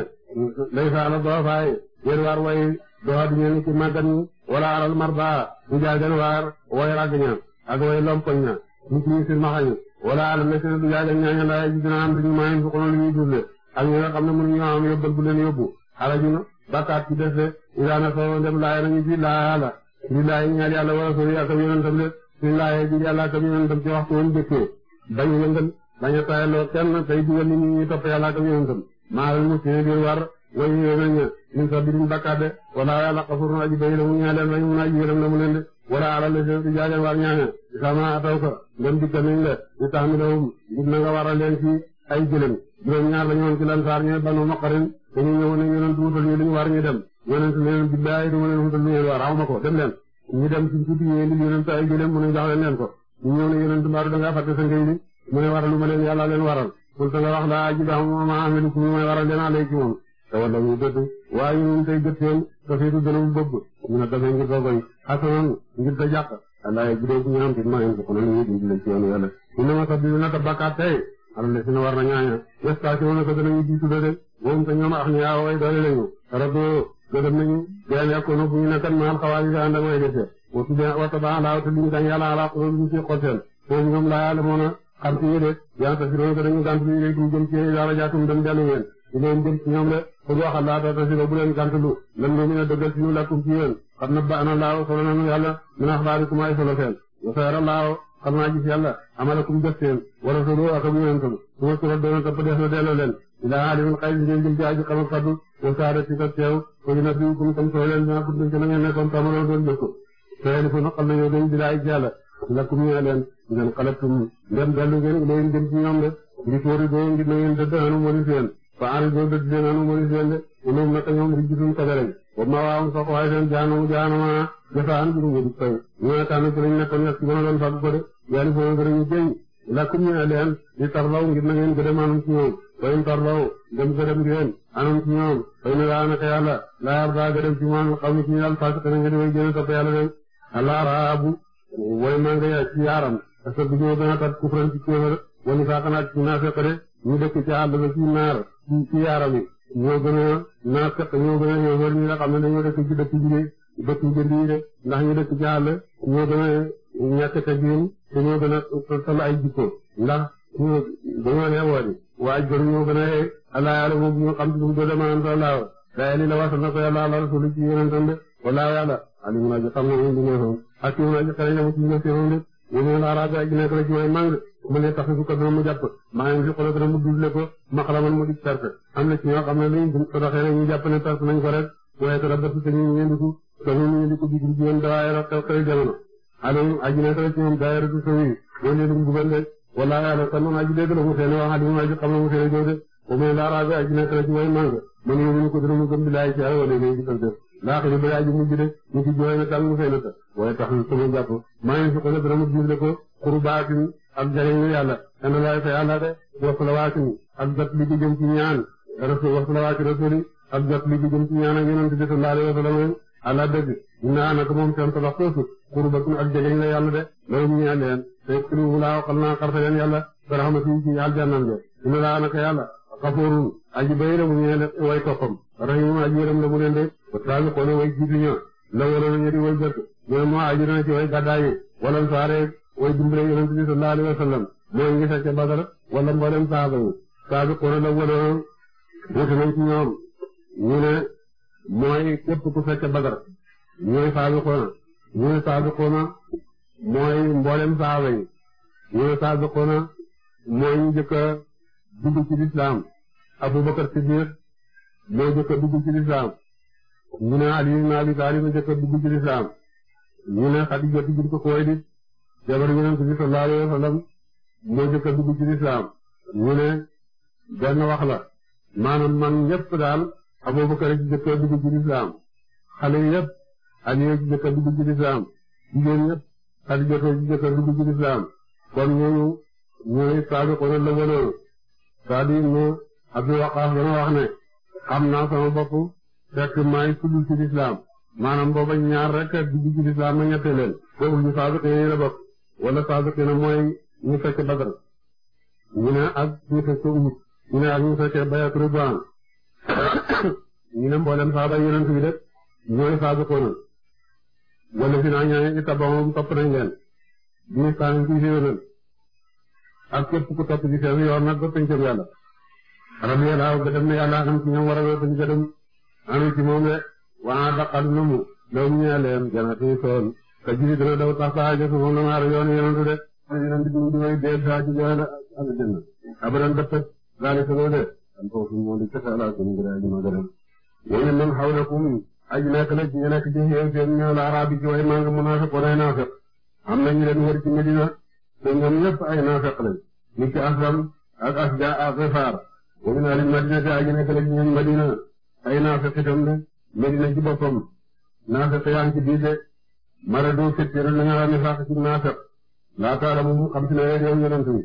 lay saala doo faay yéen waar way doxa di ñeen ci màggat ñi wala alal marba ñu jaay den waar way ràgg ña ak way lompoñ ña nit ñi sirmaxañu wala alal na seen du jaay den ñaaña laay ji dina am duñu maayin fu kono lu ñuy dundee ak ñi nga xam ne mënuñu am yóbbal bu bakkaat ci des de ilaana soo dem laaya nañu ci la li laaya ñaar yàlla wala sori ak yonentam de li laaya ji yàlla ak yonentam ci waxtu woon dëkkee bañu lëndal bañ a tayaloo kenn tey dugal nit ñi ñuy topp yàlla ak yonentam maa leen mu seen biir war way nañ min sa birin bakkaat de wala yàlla xasurun aji bay la mu ñaa leen lañ mun a na mu leen de wala ala la seen di jaaleen war ñaane sama ataw ko ndem dikka nañ le di tax mi lawum jub na a leen ci ay gëlëm juróom ñaar la ñëwoon ci lansaar ñooy banu maqarin dañu ñëwoon ne ñu leen wutal ñu li ñu war ñu dem yonent ne leen billaay dama leen wutal ñu war awma ko dem leen ñu dem ci tuuti ñu indi yonent ay gëlëm mu ne jox leen leen ko ñu ñëw ne yonent mbaaru da ngaa fàtte sa ngay li mu ne waralu ma leen yàlla leen waral kon sa nga wax daa ji dax ma amelu ku may waral danaa lay ci moom te wala ñu gëdd waaye ñun tey gët seen te fiitu gënamu bëgg ñu ne dafay ngir dogoñ xasanan ngir ta jàq alaaye bu dee bu ñu am ti ma en ko kono ñu dimbali ci yoonu yàlla ñu ne ma sa bi na ta bakkaat tey alal la si ne war nañu àññan yastaakiruuna ko danañu jiitu de de moom te ñoom ak ñi aaway doole lañu rabbu gërëm nañu jaan yakkoonu fu ñu nekkan maal xawaari ga ànd ak way dese watu de wata baa laaw te liñ dañ yàlla ala xuloo liñ ci xol seen foofu ñoom laa yàlla moon a xam ci ñu de yaan tasiroon ko dañu gànt lu léegi jëm ci dara jaatum dem jàllu ngeen ñu leen jëm ci ñoom de ku wax laa ta tasiro bu leen gànt lam lu na ba na laaw solo nañu xam naa gis yàlla amalakum def seen wa rasulu ak ab yonentam su ma surat doona topp def na delloo leen ilaa alimul xayb ngeen jëm ci aji xamal xaddu ko na fi kum tam soo leen dina tudd ci la ngeen nekkoon tamaloo doon dëkk soyeen fu naqal na yow day bilaa ij yàlla lakum ñee leen ngeen xalatum ngeen dellu ngeen ilayhim jëm ci de ngi na ngeen dëdd anu moni wa ma waawoon foofu waaye seen jaanamu jaanama jafaan bi ñu jënd tey ñu ne tamit dinañ nekkoon nekk dina doon fàggu ko de yàlla na ko gën a ñu jëriñ lakum ñu ne leen di na ngeen gërëm anam ci ñoom bayin tarlaw dem gërëm di leen anam ci ñoom xëy na daa naka yàlla laa yardaa gërëm ci moom xam ne ci ñu daal fàcce xëy na ngeen way gën a topp yàlla de allah raabu way maa nga yaa ci yaaram parce que bu ñëw gën a tat kufran ci kéefër wala saaqanaat ci naafiq dëkk ci àll ba ci naar ñoo gën a naa fekk ñoo gën a yéegal ñi nga xam ne dañoo dëkk ci dëkk bi dëkk njënd yi de ndax ñu dëkk ci àll ñoo gën a ñàkk teggin te ñoo gën a sol ay jikko ndax ñoo dañoo a yee allah yàlla boobu ñu xam ci suñu doole maanaam daal laaw day na ko yàlla ala rasulu ci yonentam de wala yàlla alimu naa ji xam na moom du ma sow ak ci mun a ji xale yi amul ci ñu def ci moom de yéen a la arabe nekk la ci mu ne tax su ko dana mu jàpp maa ngi fi xoolal dana mu dugle ko maxalaman mu di perte am na ci ñoo xam ne liñ bu sodoxee rek ñu jàpp ne perte nañ ko rek waaye dara ba te ñu ñëw di ko dañu ñëw di ko di di woon dawaay rek xew xew jamono. allo aji nekk rek ci moom daay rek sa wii loolu yëpp mu dugal de wallaahi ala kan moom aji dégg la mu seen wax aji mu aji xam na mu seen jow de bu muy laaraa bi aji nekk rek ci way màng man yow ñu ko dana mu gëm di laay ci ala wala léegi di sant laax yi ba aji mujj de ñu ci jooy na kan mu seen ta waaye tax sama jàpp maa ngi fi xoolal dana mu dugle ko qurbaatin ak jëriñu yàlla dana laay fa yàlla de waxtu la waati ak jot li ci jëm ci ñaan rasul waxtu la waati rasuli ak jot li ci jëm ci ñaan ak yonent bi sallallahu alayhi wa sallam ala dëgg naa naka moom seen tabax soosu qurbatun ak jegeñ la yàlla de loolu ñu ñaan te kulu laa waxal naa xarta leen yàlla ba rahmati ci de ina laa yàlla xafoorun aji bay la mu ñeel way toppam rahim aji yërëm la mu leen de wa saabiqoona way jiitu ñoo la wala nañu di way jëkk ñoom moo aji dana ci mooy dimbale yonent bi alayhi wa mooy ngi fekke Badar wala mboolem saaba yi saabiquuna al-awwaluun wuute nañ ci ñoom ñu ne mooy képp ku fekke Badar ñooy saabiquuna ñu ne saabiquuna mooy mboolem saaba yi ñu ne saabiquuna mooy ñu jëkk a dugg ci lislaam Abubakar Siddiq moo jëkk a dugg ci lislaam ñu ne Ali Abi Talib moo jëkk a ci lislaam ñu ne Xadija bint Xuwaylid jabar yonent bi sallallahu alayhi moo jëkk a dugg ci lislaam ñu ne benn wax la maanaam man ñëpp daal Abubakar ci jëkk a dugg ci lislaam xale yëpp Ali ci jëkk a dugg ci lislaam jigéen yëpp Xadijatu ci jëkk a dugg ci lislaam kon ñooñu ñooy saabiqoona lawwaloon c'est-à-dire ne Abdou Waqaas dana wax ne xam naa sama bopp fekk maay tudd ci lislaam maanaam booba ñaar rek dugg ci lislaam ma ñettee boobu ñu saabiqoona la bokk wala saabikina mooy ñu fekk Badar ñu ne ak ñu fekk Uhud ñu ne ak ñu fekkee Bayat Ridwan ñu ne mboolem saaba yonent bi def ñooy saabikoona wala fi naa ñooy itabamum topp nañ leen bi saan ci yonent ak képp ku topp ci seen yoon nag ba pencam yàlla rabbi yàlla gëdëm na yàlla xam ci ñoom war a wér dañ anu ci moom de waa daqal numu doom ñee leen janati soon te dana daw tax saa yëkkatu moom la ma aar yoon yéen a tuddee. yéen di way dee saa ci jaana aljanna. abadan dëppët de loole. am foofu moo di kese ala suñu gërëm ñu ma gërëm. yéen it man xawlakum aji nekk la ci ñu nekk ci yéen seen ñëw la araab ci way màng munafiq wala ay naafeq am na ñu leen wër ci Medina te ñoom ñëpp ay naafeq lañ. ñu ci aslam ak asja ak rifaar. wa min ahli madina te aji nekk la ci ñoom Madina ay naafeq itam de Medina ci boppam naafeq yaa ngi ci biir de maradu fekk yéen a ngi xam ne ci naafeq laataara moom xam si ne rek yow yonent bi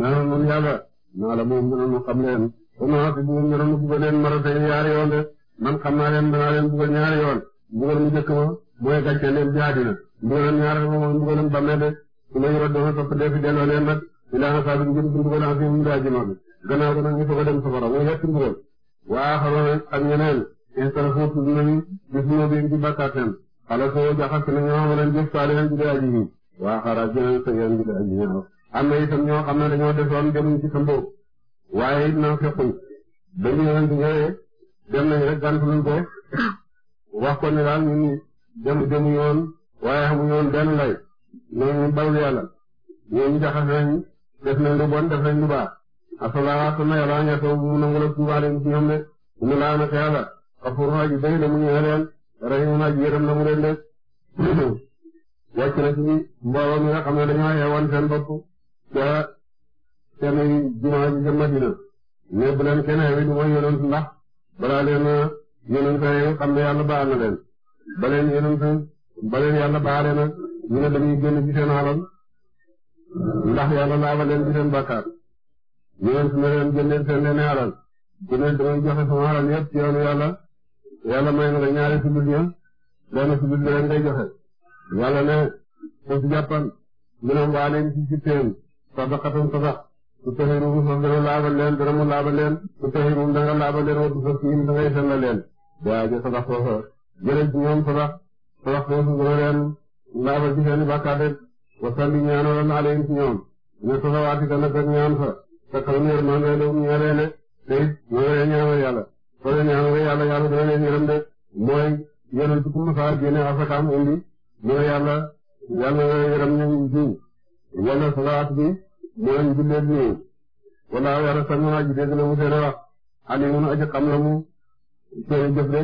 naan man yàlla naa la moom dina ñu xam leen ba maa fi moom dina ñu bugg leen maradu ñaari yoon de man leen danaa leen bugg ñaari yoon mbugal mu njëkk ma mooy leen jaadi na mbugalam ñaareel ma mooy mbugalam bàmmeel de su ma yoroo doon topp dee fi delloo leen rek ilaa saa bi ngir mbugal am fi mu daa jima bi gannaaw dana ñu fa dem safara mooy yett mbugal waa xaroon ak ñeneen instant foofu dinañ gis ñoo bi xale soo jaxas na ñoo ma leen jëf saalihan ju dee aji yi waa xaraajan sayyi'an ju dee aji yi am na itam ñoo xam ne dañoo defoon demuñ ci sëmbo waaye it naa fekkuñ dañu leen di ñëwee dem nañ rek gàntu luñ ko wax ko ne daal ñun dem demu yoon waaye xamuñu woon benn lay ñooñu baylu yàlla ñooñu jaxas nañ def nañ lu bon def nañ lu baax asalawaatu na yàlla ña taw mu nangu la tuubaale ñoom ne ñu laana yàlla xafuru aji day mu ñëwee leen a ak yërëm na mu leen def wàcc na ci mbooloo mi nga xam ne dañoo yeewoon seen bopp ca seen jumaa ji ca Madina mais bu leen kenn xewit mooy yonent ndax balaa leen yonent yi xam ne yàlla baal na leen ba leen yonent ba leen yàlla baale na mu ne dañuy génn ci seen alal ndax yàlla laaba leen ci seen bakkaar yonent na leen génneel seen leen alal ku ne damay joxe sama alal yëpp ci yoonu yàlla may na la ñaari similions benn simili rek ngay joxe yàlla ne ko ci jàppal mu ne waa leen ci ci teen sadaqatan sadaq su pexe nu mu sax dana laabal leen dana mu laabal leen su pexe nu mu danga da ngay sellal leen waaye ja sadaq soosa jëlee ci ñoom i bàkkaar rek wasalli ñaanaloon naa leen ci ñoom ne soxawaati ka nag ak ñaan fa te xam ne yéen maa ngi lay soo leen ñaanalee yàlla yàlla dina leen yërëm de mooy yonent bu mu saa génne asakaam indi ñu ne yàlla yàlla yërëm nañ jiw wala salaat bi mooy julleeg ñëw wala yàlla sàmm naa ji dégg na mu seen wax alimun aji xam la mu seen jëf de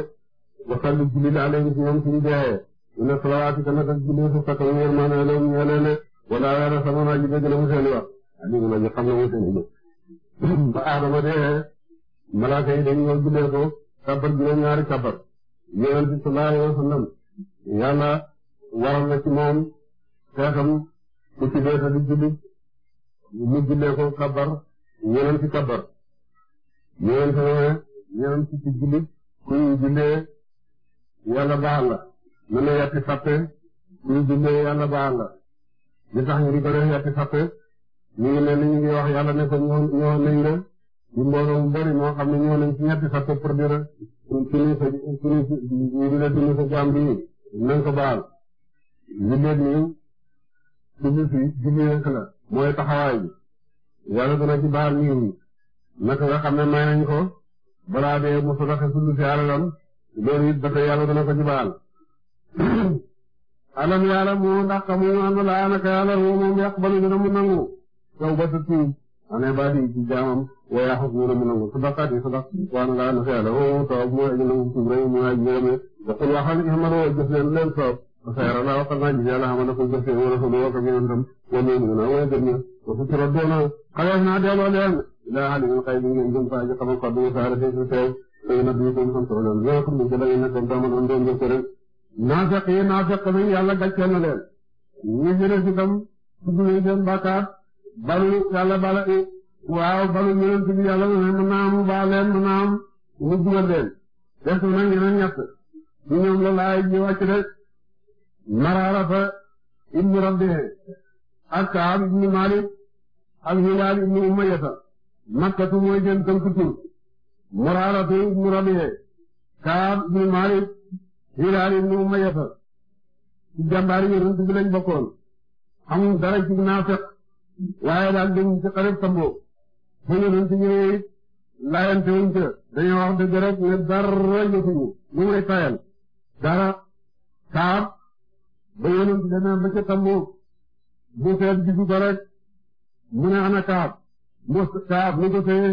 wasal bi julli daal léegi si ñoom suñu jeexee ina salawaati kana ak julli su fekk mu yërmaane la mu ñëwee ne wala yàlla sàmm naa ji dégg na mu seen wax alimun aji xam la mu seen jëf ba aadama dee malaaka yi dañu war jullee ko kabar juróom-ñaari kabar yonent bi sallallahu alayhi wasallam na ci moom ku ci dee di julli mu jullee ko kabar ñeenti kabar ñeenti ne ñeenti ci julli kuy jullee yàlla baal la mu ne yatti fàtte kuy jullee yàlla baal la li tax di ko def yatti fàtte ngi mel ni ñu ngi wax yàlla ne ko ñoo ñoo nañ la ci mbooloo mu bari moo xam ne ñëw nañ ci ñetti xase pour di la suñu sa suñu ñu di la suñu sa jàmm bii nañ ko baal li si jublu rek la mooy taxawaay bi yàlla dina ci baal nii nii naka nga xam ne may nañ ko balaa dee mu sadaxe suñu si alalam loolu it dafa yàlla dina ko ci baal. alam yàlla mu ndax xamu ànd laa naka yàlla moom moom yàq ba lu dina mu nangu taw ba sa tuub année baa di ci jaamam. waaye xas mu ne mu nangu sadaqaat yi sadaq waan laa na fee la woo soob mooy aji nangu tuub rek mooy aji yërëme waxul waxal leen leen soob sayara laa waxal naa gis yàlla xamal wala sulu woo ko wa ñu ñu naa way gëm na wa fu tira doona xaleef naa delloo leen ilaa xalimin xay bi ngeen jëm faa ji xamal ko bu saara fi su teew day na bii kon xam soo leen yoo xam ne ci la ngeen nekkoon dama doon doon jëf rek naafeq yi naafeq nañ yàlla gàcce na leen waaw balu ñeneen suñu yàlla mën naa am baa leen mën naa am mu dugal leen des na ñeneen ñett ñu ñoom la laay ji wàcc de Maraarata ibnu Rabihi ak Kaab ibnu Maalik ak Hilaal ibnu Umayyata Makkatu mooy seen tënku tur Maraarata ibnu Rabihi Kaab ibnu Maalik Hilaal ibnu Umayyata ci jàmbaari yonent bi lañ bokkoon amul dara ci naafeq waaye daal dañ ci xarit samboo ba yonent ñëwee laayante wuñ ca dañoo wax dëgg rek ne dara jotuñu ñu ngi tayal dara kaab ba yonent demee ba ca tambu bu feet gisu ko rek mu ne ana kaab mos kaab lu ko téye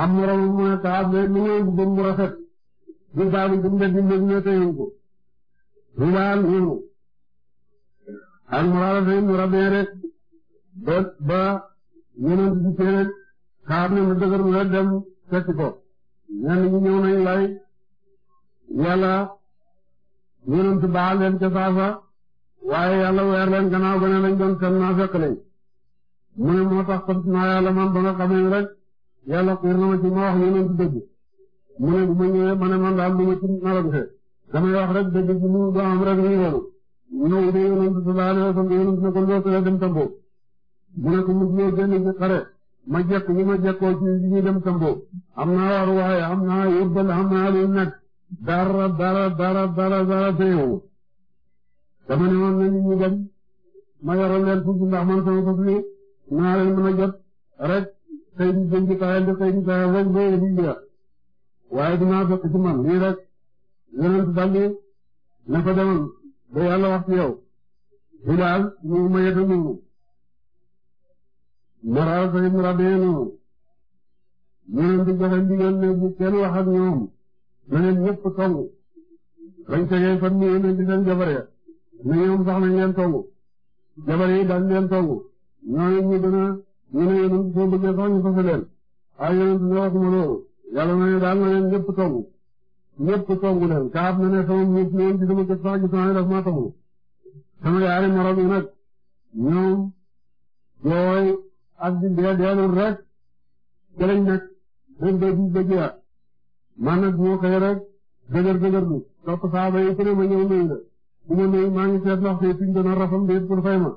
am moroom mu ne kaab léegi mu ngi ba mu rafet ñu daal di gëm di mbir ñoo téye ko ñu daal mu rafet mu rafet rek ba ba. ñeneen di ci téere ne mu dëgër mu rek dem fekk ko ñenn ñi ñëw nañ lay yàlla yonent baal leen ca saasa waaye yàlla weer leen gannaaw ba ne lañ doon kan naa fekk lañ mu ne moo tax sant naa yàlla man ba nga xamee rek yàlla xiir na ma ci ma wax yonent dëgg mu ne bu ma ñëwee ma ne man daal lu ma ci naram fe damay wax rek dëgg ci mu do am rek lii loolu ñëw de yonent sallallahu alayhi wasallam yonent ne ko loo tële dem mu ne ko mu ñëw génn ci xare ma jekk bu ma jekkoo ci ñu dem Sambo am naa war waaye am naa yóbbal am naa lu nekk dara dara dara dara dara teewu dama ne woon nañu ñu dem ma yoroon leen tuuti ndax man sama fas yi naa leen mën a jot rek tey ñu jëm ci taayal te tey ñu taayal rek boo yëg ñu waaye dinaa fekk ci man lii rek yeneen daldi ne ko demoon ba yàlla wax ci yow Bilaal mu ma yëg a maraal fa him rabeenoo ñeneen di joxe ndigal ne bu kenn wax ak ñoom na leen ñëpp tongu bañ tegee fan nii ne di seen jabar ya ne ñoom sax nañ leen tongu jabar yi dañ leen tongu ñooñu ñu gën a ñu ne yonent soo bëggee sax ñu fas leen ay yonent ne waxuma loolu yàlla na ne daal na leen ñëpp tongu ñëpp tongu leen kaab na ne sama muus leen ci sama kër sax gis naa ne daf maa tongu sama yaari moroom yi nag ñoom jooy ak di dee deelul rek jëlañ nag même day gis ba jiyaat man moo koy rek dëgër dëgër lu topp saaba yi ne ma ñëw nuyu la bu ma nuyu maa ngi seet ndax suñ doon rafam déet pour fay ma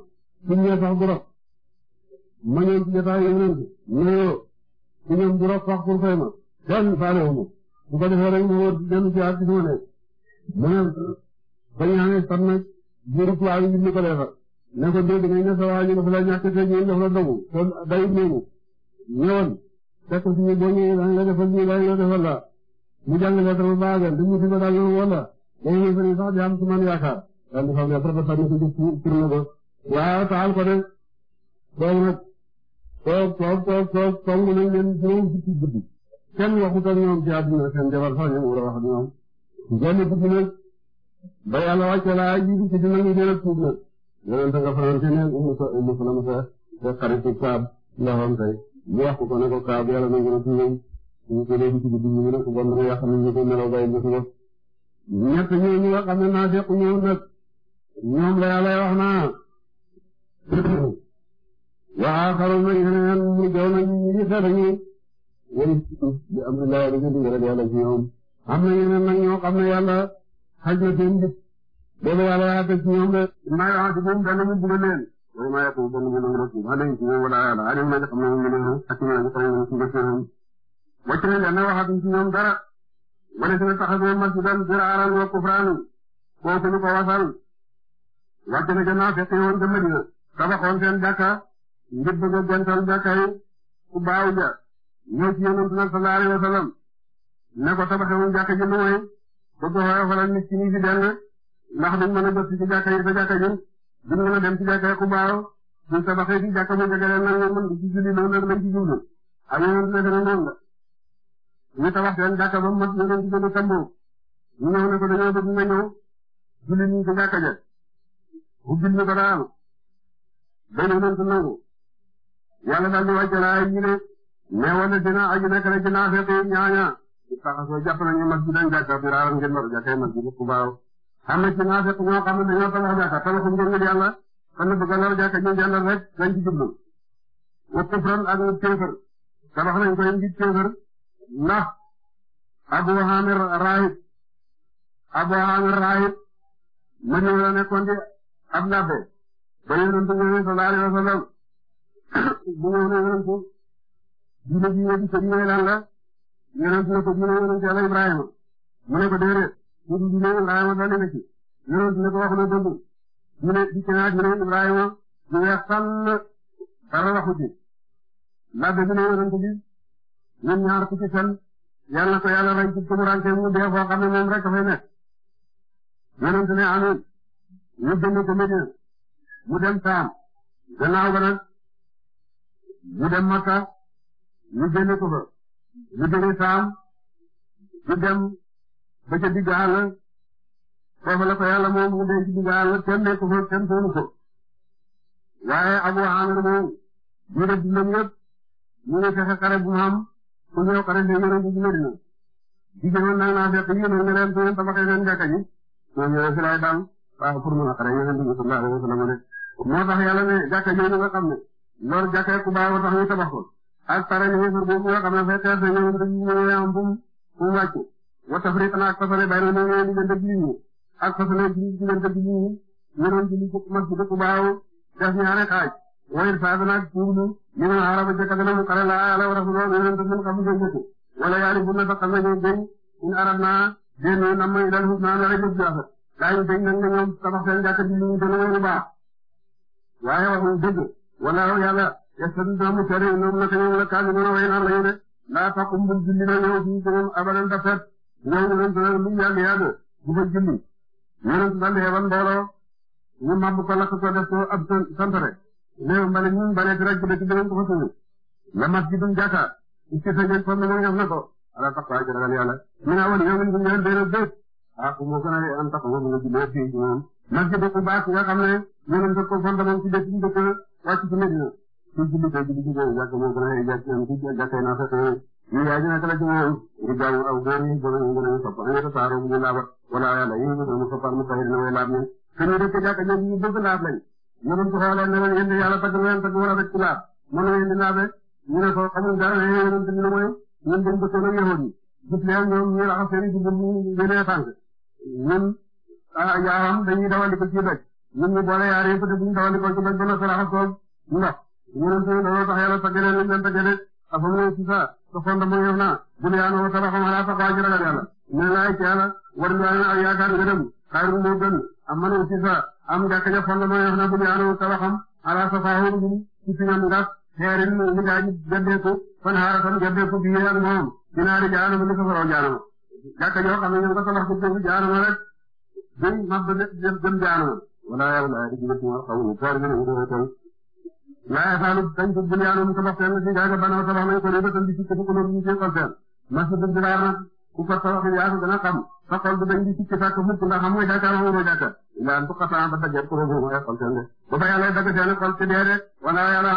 suñ ñëwee sax bu raf ma ñëw ci jotaay yeneen bi nuyoo ku ñëw bu raf sax pour fay ma kenn faale wu ma bu ko defee rek ma wër ci at bi ma ma ne ba ñaanee sax nag jërëjëf laa yi ñu ko ne ko dégg nañ ne sa waa ji dafa la ñàkk te ñun dafa la dogu te dayut noonu ñëwoon fekk si ñu boo ñëwee dañ la defal ñu dañ la defal la mu jàng lettre ba baagal te mu si ba daal yow wala day ñëw fa ni sax di am su man yaakaar daal di xam ne après dafa nekk di tourné ko waaw taal ko de boobu nag toog toog toog toog tongu nañ leen juróom fukki guddi kenn waxut ak ñoom ci àdduna seen jabar sax ñoom war a wax ak ñoom benn guddi nag ba yàlla wàcce laa ji bi ci dinañu dee tuub nag yonent nga fanaan ci ne Ummu Ummu Salama sa sa xaritu Kaab la woon tey mu wax ko ne ko Kaab yàlla na gën a tuubam suñu ko léegi ci guddi ñu ne ko bon nga yàq nañ ñu ko nelaw bay ñu ko ñett ñooñu nga xam ne naa seq ñëw nag ñoom la yàlla wax naa waa xaroon nañ ne ñu daw nañ ñu ngi seet ñu wari bi am na laa di nga ci ñoom am na ñeneen nag ñoo xam ne yàlla xaj na seen bit loolu yàlla yaa teg ci ñoom de maa ngi wax ci ñoom benn ñu bëgg leen loolu maa yàq benn ñu nangu rek wax nañ ci ñoom wala yàlla Aliou ma nga xam ne moom la ñu ak ñoom ñu xam ne ci dëkk ñoom wàcc nañ leen waxatuñ ci ñoom dara wala seen taxawee masjidan diraaran wa kufraanan kooku ñu ko wasal wàcc na gannaaw fekk woon ca Madina tabaxoon seen jàkka ngir bëgg a gantal jàkka yi ku baaw ja ñëw ci yonent na sallallahu alayhi wa sallam ne ko tabaxewuñ jàkka ji lu mooy bëgg a xoyofalal nit ci ñi fi dell ndax duñ mën a jot ci jàkka yi ba jàkka ñun duñ mën a dem ci jàkka ku baaw duñ tabaxee ci jàkka mu jege leen nan man di ci julli noonu rek lañ ci jublu am nañu ne dana noonu la ñu tabax seen ñu doon ci gën a tamboo ñu ñëw ko dañoo bëgg nga ñëw julli ñu ci jàkka ja ubbil ñu ko daal dañu doon ci nangu yàlla di wàcce laa ñu ne mais wala dina aju nekk rek dinaa fekk ñaañaa. taxasoo jàpp nañu masjidan jàkka bi raar ngeen war jàkkee masjid ku am na ci naafiq ñoo xam ne dañoo tabax jàkka tabaxu ngir yàlla kon nag bëgg a lor jàkka ñoom yàlla rek lañ ci jublu wa kufran ak kéefër tabax nañ ko ngir kéefër ndax Abu Amir Rahib Abu Amir Rahib ma ñëw la nekkoon di ab labbe ba yonent bi sallallahu alayhi wa sallam bu ñëw ne yonent diine ji di sa diine lan la yonent ne ko diine yonent yàlla Ibrahima mu ne ko déedéet ñun ñu ne Ibrahima doon na ci ñun ñu ko wax na dëgg ñu ne ci keneen ak ñu ne Ibrahima ñu weex sànn dara waxu ci laaj bi ñu ne yonent bi ñun ku ci seen mu dee foo xam ne moom rek dafay nekk yonent ne amiin ñu bind mu dem Saam gannaaw ba nag mu dem Makka ñu génne ko fa ñu génne Saam ñu ba ca digg àll foofu yàlla moom mu denc digg àll kenn nekk fa kenn toolu ko waaye Abu Amir moom jiite dundam yëpp ñu ngi bu mu am su na diggoon naa naa fekk yéen a ngi seen tabaxee seen jàkka ji ñoom ñoo fi lay dal waaw pour mën a xare yéen a ngi sallallahu alayhi wa sallam ne moo tax yàlla ne jàkka jooju nga xam ne loolu jàkka ku bàyyi ko tax ñu tabax ko ak pare ñu ngi fi boobu nga xam ne fekk na ñoom dañuy ñëw am bu mu wàcc wa tafriqan ak fasale bayna na ñaan diggante jullit ñi ak fasale jullit diggante jullit ñi ñu doon julli ko masjid Quba def ñaari xaaj wa irsadan ak tuublu ñu ne araba jëkk dana mu kare laa ala wa rasulullah yonent ñun xam nga jëkk wala yaali bu na sax xam nga ñoo déy in arab naa déen ñu nam may dal husna la rek jëf daañu déy nag ñoom tabax seen jàkk julli ñu dana wéru baax waaye waxuñ dëgg wala yàlla yasadu na mu tere ñoom naka ñoom la kaani mën a way naan la ñu ne laa taqum bul julli na ñëw fii abadan da fet loolu ren dana lu yàgg yàgg bu fa julli yonent daal di yebal mbooloo ñu màbb ko lakk ko def ko ab santere léegi mbale ñun mbale ci rek bu dee ci beneen ko fa suñu la masjidum jàkka ci sa ngeen fa mel ne ko ala tax waa jërëgal yàlla mi nga woon yow ñu ngeen déedéet déet ah ku moo gën a am tax moom nga jullee fii ci moom masjidu bu baax nga xam ne yonent ko fondement ci dëkk bi dëkk wàcc ci Medina ci julli ko julli ci yàgg moo gën a yàgg am ci jàkkee naa fa ñu yaay dina kala jëmee rijaal aw góor yi gën a gën a soppal ñu tasaaroo bu ñu laabat wala yàlla yi ñu gën a soppal mu taxir na way laab ñun te ñu dëkk jàkk ñoom ñu bëgg laab lañ ñu doon soxla ne leen yéen yàlla tagg leen tagg war a rek ci laab mën na leen di laabe ñu ne yi gis leen ñoom ñu raxas seen te buñu dawali ko ci doj ba noppi raxas ko ndox ñu ne afamna ci sa to fonda mo yona bul ya no tala xam ala ta waajira ga yalla ne lay ci yalla war nga na yaakaar nga dem xayru mo gën amana ci sa am ga ka fonda mo yona bul ya no tala xam ala ta faahu ci ci nam ga xeerin mo ni ga ji gadde ko fan haara tan gadde ko biye ak moom dinaari jaana mo ko faro jaana ga ka yo xam ne nga tabax ko jëm jaana rek jëm mabbe jëm jaana wala ya wala ci ko xawlu ko ngeen ko laa yasaalu dañ ko bunyaanum tabax seen si gaaga a tabax nañ ko rébatan di sikki a noonu ñu ci xol seen masjidul jiraar nag ku ko tabax yaa a gën a xam sa xol a dañ di sikki sàkk mukk ndax xam nga jàkkaar moom nga jàkkaar ilaan tu xataa ba dajeet ko boobu mooy xol wala yàlla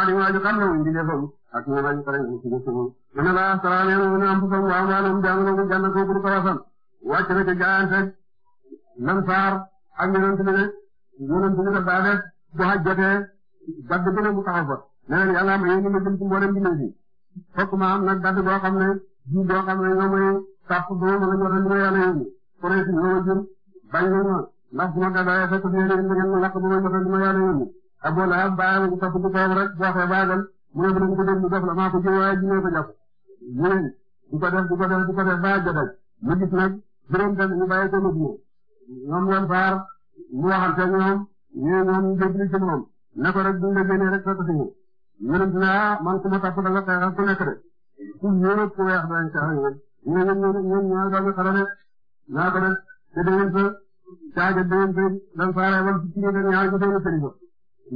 xam waaju xam la wuñ di defam ak ñu waaju pare ñu ci sumu mu ne laa salaamee mu ne am fu sam waaw waalum jàng na ko jàng dadd bu ne mu taxaw fa nee na yàlla am yéen a bi nañ fi fokk ma am nag dadd boo xam ne jiw boo xam ne ñoom mooy sax bu ma la joxe li ma yàlla yóbbu kuréel gi ñoo jëm bañ nañ ma ndax bu ma daddaayee fekk fi yéen a ngi ngeen ma lakk bu ma la ko topp bu toob rek boo xee baagal mu ne bu doon ko déglu def la maa ko jël waaye jiwee ko jàpp mu ne du ko def du ko def du ko def baa jotee mu gis nag juróom benn ñu bàyyi ko lu ñoom ñoom faar mu waxante ñoom ñoom ne ko rek bu ñu la génnee rek sa tëddee ah man ku ma tax danga xeexal ku nekk de ku yéen ku weex danañ xeexal yéen ñooñu ñooñu ñooñu ñooñu dañu xarale naa ko def te dangeen fa caaja dangeen fa dañ faa reebal ci kii dañ ñaari ko doon sëriñ ko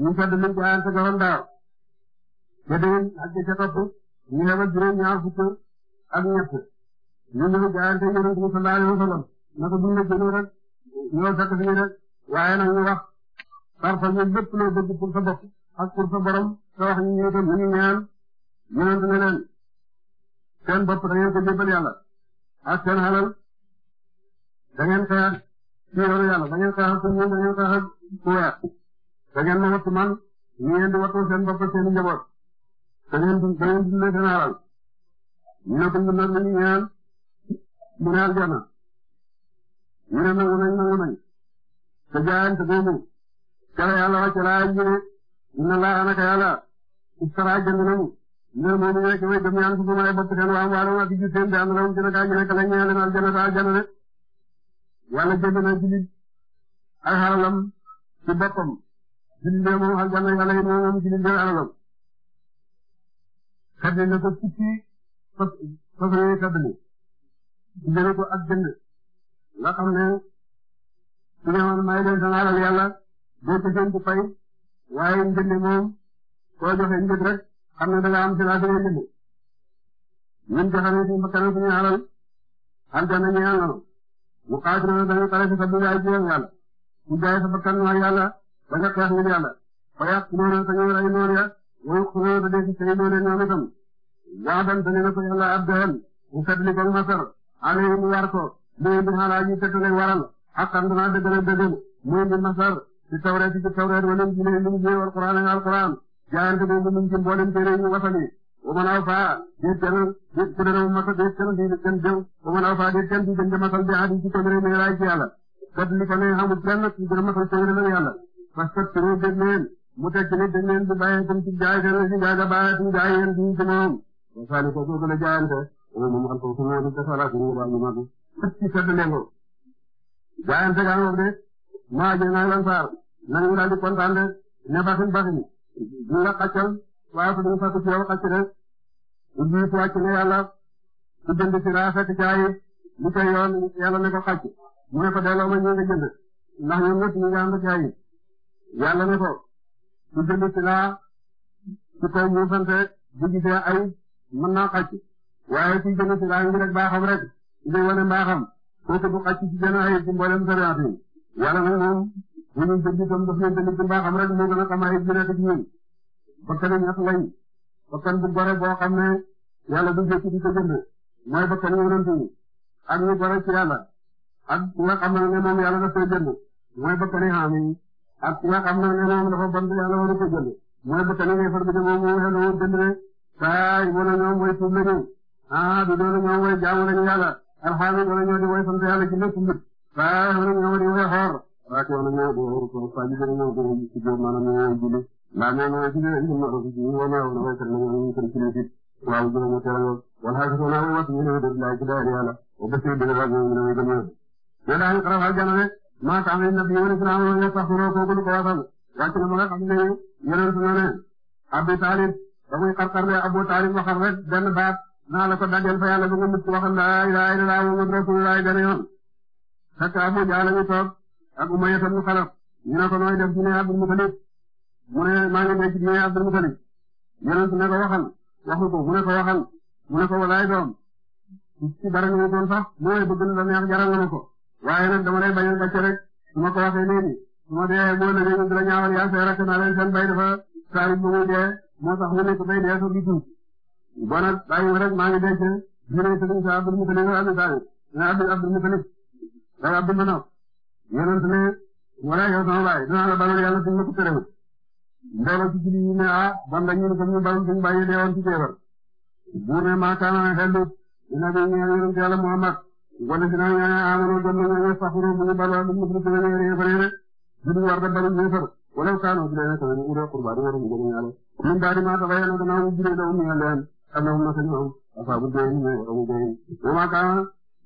ñu fedd ta ci ayante garam daaw ca topp ñu xeebal juróom ñaar fukk ak ñett ñu ñëw ci ayante yonent bi sallallahu alayhi wa sallam na ko bu ñu la génnee rek ñoo fekk fi ñu parfa nga lépp loo bëgg pour sa bopp ak pour sa borom te wax ñu ñëw tam ñu ñaan ñaan ne leen seen bopp da ngeen ko jébbal yàlla ak seen xalal da ngeen xeex ci yoonu yàlla da ngeen xeex ku ñuul ma wattu man ñu ngeen di wattu seen bopp seen njaboot da ngeen di da ngeen di dundee seen xalal ñu ne ko ñu nag ñu ñaan mu ne aljana ñu ne nangu nañ nangu nañ te jaayante boobu kala yàlla wàcce laa ji ne inna laa naka yàlla istara jënd nañu ne moom ñu nekk way gëm yàlla ci sama ay bët seen waa mbaale waa ci seen daan la jënd kaa ñu nekk la ñeel na aljana ta aljana rek yàlla jënd na ci ay xaralam ci boppam jëndee moom aljana yàlla yi moom ci jëndee xaralam kaddi na ko fukki fas fas yooyu kaddi na jënd ko ak jënd nga xam ne su ne woon may leen seen alal yàlla boo ko gën di fay waaye njënd moom koo joxe njëg rek xam ne da nga am si laa gën a njënd ñun joxe nañ si bakkanam suñu alal aljana mu xaaj na dañu xare si sa biir ay jiwam yàlla ku bakkan noor yàlla da nga xeex ngir yàlla ba yàq noonu sa ñëw ay ya wala ku noonu dee si say noonu ñoom itam waadan dañu ne ko yàlla ab doyal mu set li ko masar alayhi mu war ko léegi xalaat yi tëttalee waral ak xam dinaa dëggal dëggal mu indi masar ci tawreet ci tawreet wala mu jëlee lu mu jëlee wal quraan ak al quraan jaayante bi lu mu ci mboolem téere ñu wasali wa man awfaa déet kenn déet ku dara mu masa déet kenn déet kenn jëw wa man awfaa déet kenn déet kenn masal bi ahadin ci téere ne raay ci yàlla kat li ko ne xamul kenn ci gën a masal téere la yàlla parce que turu dégg neen mu tekki ne dégg neen di bàyyi tam ci jaay kenn ci jaaga bàyyi ci jaay yéen di ci moom wasali ko soo gën a jaayante wa man alko sumu di tasala ko ba ñu mag ci sedd lengo jaayante ga ngoog de maa ngi leen lansaar nañu daal di kontaan de ne baxin baxin ñu nga xàccal waaye fu ñu fàq ci yow xàcc de ubbi wàcc ne yàlla su jënd si rafet li koy yoon yàlla ne ko xàcc mu ne ko delloo ma ñu nga jënd ndax ñun ñëpp ñu ngi ànd jaay yàlla ne ko su jënd si laa su koy ñu sante bu gisee ay mën naa xàcc waaye su jënd si laa ngi rek baaxam rek ngi wane mbaaxam kooku du ci benn ay ci mboolem sariyaat yi yàlla nag moom bu ñu jënd itam daf leen jënd ci mbaaxam rek moo gën a xam ay dina tëj ñun bakkan ak ñax lay bakkan bu gore boo xam ne yàlla du jëkk di ko jënd mooy bakkan yonent yi ak ñu gore ci yàlla ak nga xam ne moom yàlla daf koy mooy bakkan yi xam yi ak nga xam ne moom dafa bon yàlla war a koy jënd mooy bakkan yi ngay far bi de moom moo yàlla wut jënd rek saa yi wala ñoom mooy tuub la ñu ah du doon ñoom mooy jaamu lañu yàlla alhamdulilah ñoo di woy sant yàlla ci lépp mbir waaw xam nañ ñoo di weexoor waaw xam nañ ñoo di weexoor waaye gis nañ ñoo di weexoor ci biir maanaam ñoo di julli ndax ñoo ñoo di julli ñu ko ci ñoo ñoo di weexoor ñoo ñu ko ci nit waaw gis nañ ñoo teral yoon wala xam nañ ñoo wax ñu ne de laay ci daal yàlla o ba ci dëgg la ñu ñu gëm ñu ñu daal xara fa jàll rek ma ta amé nabi yoonu islam ñu tax ro ko ko ko waxal wàcc na ma nga xam ne yeneen su ne Abu Talib ba muy xarxar ne Abu Talib waxal rek benn baat naa la ko dajal fa yàlla ba nga mucc waxal la ilaha illallah muhammadu rasulullah benn yoon fekk Abu Jahl ngi toog ak Umayya ibn Xalaf ñu ne ko nooy def ñu ne Abdul Mutalib mu ne maa ngi nekk ñu ne ko waxal waxu ko mu ne ko waxal mu ne ko walaay doom ci dara ñu doon sax na la neex jaral na ko waaye nag a ko waxee léegi su ma dee boo la ñu dina ñaawal yaa see rek naa leen seen bay dafa saa yu mu dee moo tax mu nekk bay dee sa bitu bon nag bàyyi rek maa ngi denc ñu ne Abdul Mutalib da nga bëgg naaw yonent ne wala yow ma baay dinaa la yi ne ah ban la ñu ne comme ñu balal suñ bàyyi deewoon buur ne maa kaana xellu dina bi ñaan Muhammad wala dina ñaan amano gëm na ñaan saxuru mu ñu balal mu ñu ko ñaan yéen fere ne julli war da balal ñu far wala kaano bi leen sama ñu do qurba do waru ñu gëm yàlla min baadi ma tabayyana dana mu julli do mu ñaan leen allahumma salli ala kaana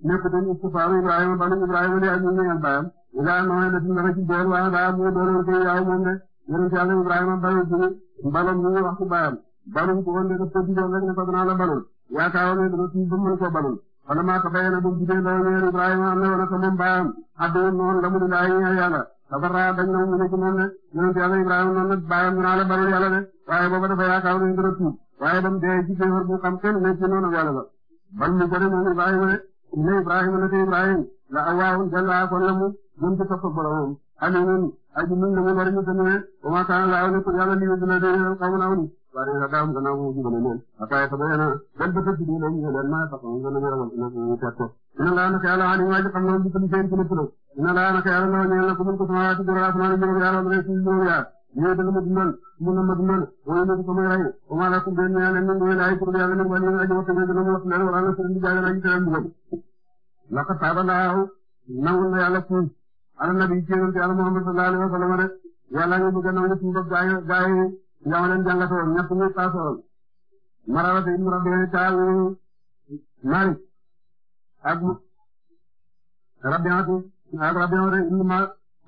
nekkutoon istifaaru Ibrahima banu Ibrahima di ak ñu ñëwal baayam ilaa nooy la dina rek doon waaye baayam mu doon ko yaaw moom de yéen ci Yàlla Ibrahima bayu ci mbalam ñu wax baayam balum ko woon de def ko digoon rek ne ko dinaa la balul ba mën koo balul wala maa ko bayana bu jigéen ndaw ñëwee Ibrahima am na woon ak moom baayam adduun noonu la mu di laay ñëw Yàlla tabara dañ na mu ne la baayam dinaa la balul Yàlla de waaye booba dafa yaakaar ne dina tuub waaye ba mu dee ci féefar bu xam kenn ne ci noonu Yàlla la bal mu ko de inna Ibrahima naka Ibrahima la awaawun jalla kon la mu gëm di topp boromam alimun aji muñ la mu bari ñu demee wa ma kaana laahu nekk yàlla lii dina dee xaw na woon waaye nag daam gannaaw mu jubale leen waaye sa bëri na benn bët bi la ñu leen maa taxaw nga ne rawal dina ñu teg ko inna laa naka yàlla alim waaji xam na woon bi seen ci lépp la inna laa naka yàlla la ñeel na ko mun ñëw dëgg Madina mun na Madina wala ñu ko may rey wa la ko ben yalla ñu ngi lay ko yalla ñu wala ñu aji wax ñu ñu wax na wala ñu ñu jaagal ñu tan bu la ka taaba laaw nangul na yalla ci ala nabi ci yonent yalla muhammad sallallahu alaihi wasallam rek yalla ñu bëgg na ñu ci bëgg gaay gaay ya ma leen jàngatoo ñett ñu taasoo mararata ibn rabbi taal mari ak rabbi ak rabbi ibn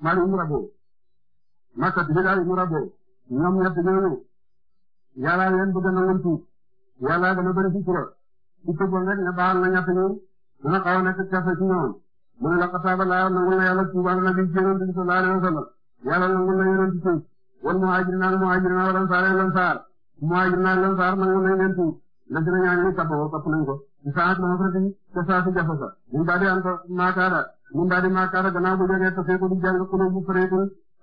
mari ibn rabbi naka Bilal ibn Rabah ñoom ñett ñooñu yàlla leen bëgg na leen tuub yàlla dana bëri ci kura ci tëbboon rek ne baal na ñett ñi dana xaw a nekk kese ci ñoom mu ne la xasaaba laa nangu na yàlla tuubal na bi ci yonent bi sallallahu alayhi wasallam yàlla nangu na yonent tuub wal muhajirina al muhajirina wal ansaar al ansaar muhajirina al ansaar nangu na leen tuub la dina ñaan ñu taboo topp nañ ko ci saat la mafrati ca saa si jafe sa min an maakaara ko di jàng ku ne bu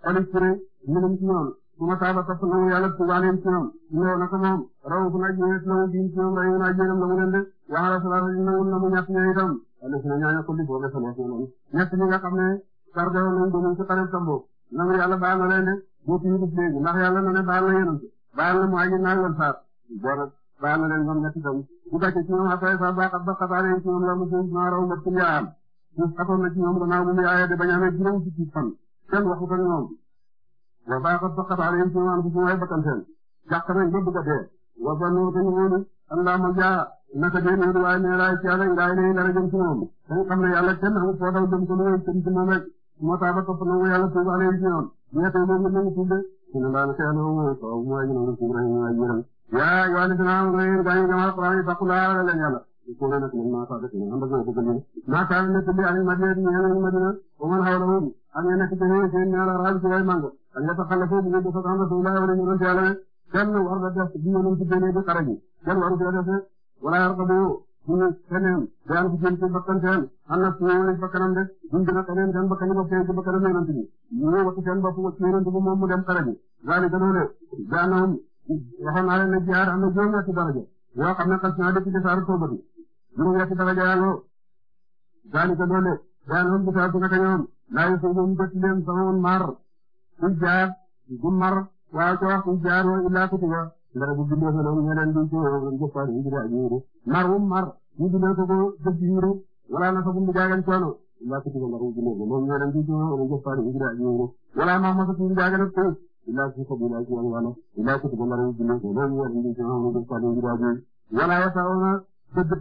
alif ture minum ci ñoom su ma taaba topp nangu yàlla tubaaneem ci ñoom ñëw na ko moom raw fu nag ñëwee la mu diin ci ñoom rayu naa jéeram la mu leen de yaa la salaata di nangul na mu ñett ñoo itam alif na ñooñu ko liggéey ba salaat na ñett ñi nga xam ne sarde ko ñu ci xarib tambo nangu yàlla baal na leen de bu fi def léegi ndax na ne baal na yéenam baal mu aji na leen ñoom bu dàcce ci ba xataane ci ñoom la mu suuf naa raw mbat ci yaam suuf xatoon na ci ñoom gannaaw mu mu yaayee de bañaamee juróom fukki kenn waxu ko ñoom wa baaxat faqat alayhim ci waan fisi way bakkan seen jàq nañ ba bëgg a dee wa zannu dañu wóolu an laa malja naka dee néeru waaye ne raay ci yàlla ngaay lay dara jëm ci moom dañ xam ne yàlla kenn amul foo daw jëm ko lu jëm ci moom rek moo tax ba topp nangu yàlla tuub alayhim ci ñoom ñeete moom it nangu tuub de ñu ne daal xëy na moom soo mu waay ñu nangu tuub yaa yoo ne dinaa nga yéen gaañu gamal xuraan yi takku laa leen yàlla ko nak man maa faa dëkk naa bëgg leen maa faa nekk li alim madina ñeena madina an na ci beneen seen ñaara rajo ci way mango ak nga taxal foofu nga def ak rasulullah wala ñu doon ci yàlla kenn war la def bi ñu ci beneen di xaraji kenn waru ci def wala yarqabu ñu keneen daan ci jëm ci bakkan seen am na ci ñoom bakkanam de ñu dina keneen seen bakkan ba seen bakkanam yonent bi ñu wax seen bopp wax yonent bi moom mu dem xaraji zaali gënoone daanam waxoon naa leen ne jihaad am na juróom daraja yoo xam ne xas naa dëkk ci saaru toobati juróom ñetti daraja yàlla zaali gënoone lay fo moom bët leen samoon mar kuy jaar wa illaa kutiba ndara bu bindee ko noonu ñeneen di ci woon jëfar ñu jëlee ak yéeru mar wu mar na fa bu mu jaagan coono illaa kutiba ndara bu bindee ko noonu ñeneen di ci woon jëfar ñu jëlee ak yéeru wala ma ma ko jaagan ko illaa kutiba ndara bu wala illaa kutiba ndara bu bindee ko noonu ñeneen di ci woon jëfar ñu jëlee ak yéeru wala ya saawna dëgg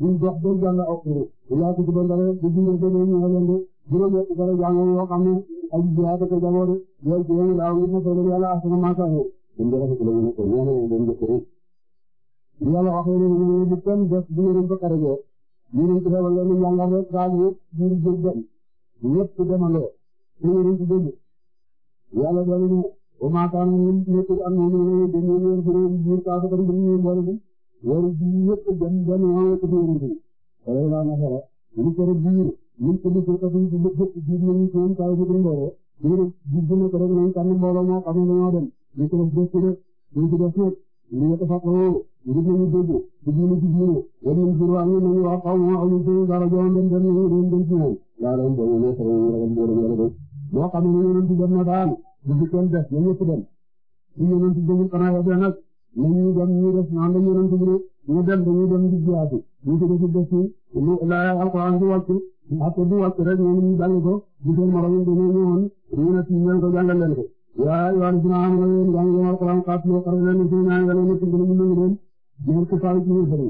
ñu dox ba jàng ak kuréel yàlla ci diggante rek di diggante rek ñu xelal de juróom-ñetti dara jàng yoo xam ne ay jihaad ak jaboor yooyu ci yooyu daaw ñu fay leen yàlla asana maasa yi. ñu def ak kuréel yi ñu ne leen doon def rek yàlla waxee ne ñu ne di kenn des di ngeen ko karajee ñu ne ci xelal leen jàng rek saa yëpp ñu ngi jël dem ñëpp demandoo ñu ne leen ci dëgg yàlla doon ne au maasa ñu nekk am nañu ne dañu leen ci biir kaasa tam dañu leen boole wóoru biir yëpp jëm jëm wóoru ko biir bi loolu laa nga xere ñu ko biir ñu ko biir ko biir bu jëpp biir ñu ko ñu taw bu ndoro biir bu jëm ko rek ñu tan mbooloo moo xam ne ñoo dem ñu ko def ci rek ñu ko def ñu ñu ko fa ko ñu ñu dégg bu ñu ñu biir wala ñu biir waa ñu ñu wax xaw ma ñu ci dara joon dem dem ñu dem dem ci woon la la mbo ñu ko ñu mbo ñu ko moo xam ne ñu ñu dem na daan bu ko def ñu ñu ko dem ñu ñu dem ko na ya nak ñun ñu dem ñu def ñoom dañu doon déglu ñu dem dañu doon di jiyaatu ñu tuddee ci des ci lu la alxuraan di wàcc ak di rek ñoom ñu jàng ko ñu seen morom dañoo ñëwoon ñu ne fii ngeen ko jàngal ko. yaa yoo xam ne dinaa am loolu yaa ngi leen alxuraan xaar si yow xar leen ne suñu ñaan yàlla nekk ci lu mu nangu leen ñoom ku faaw ci ñu bëri.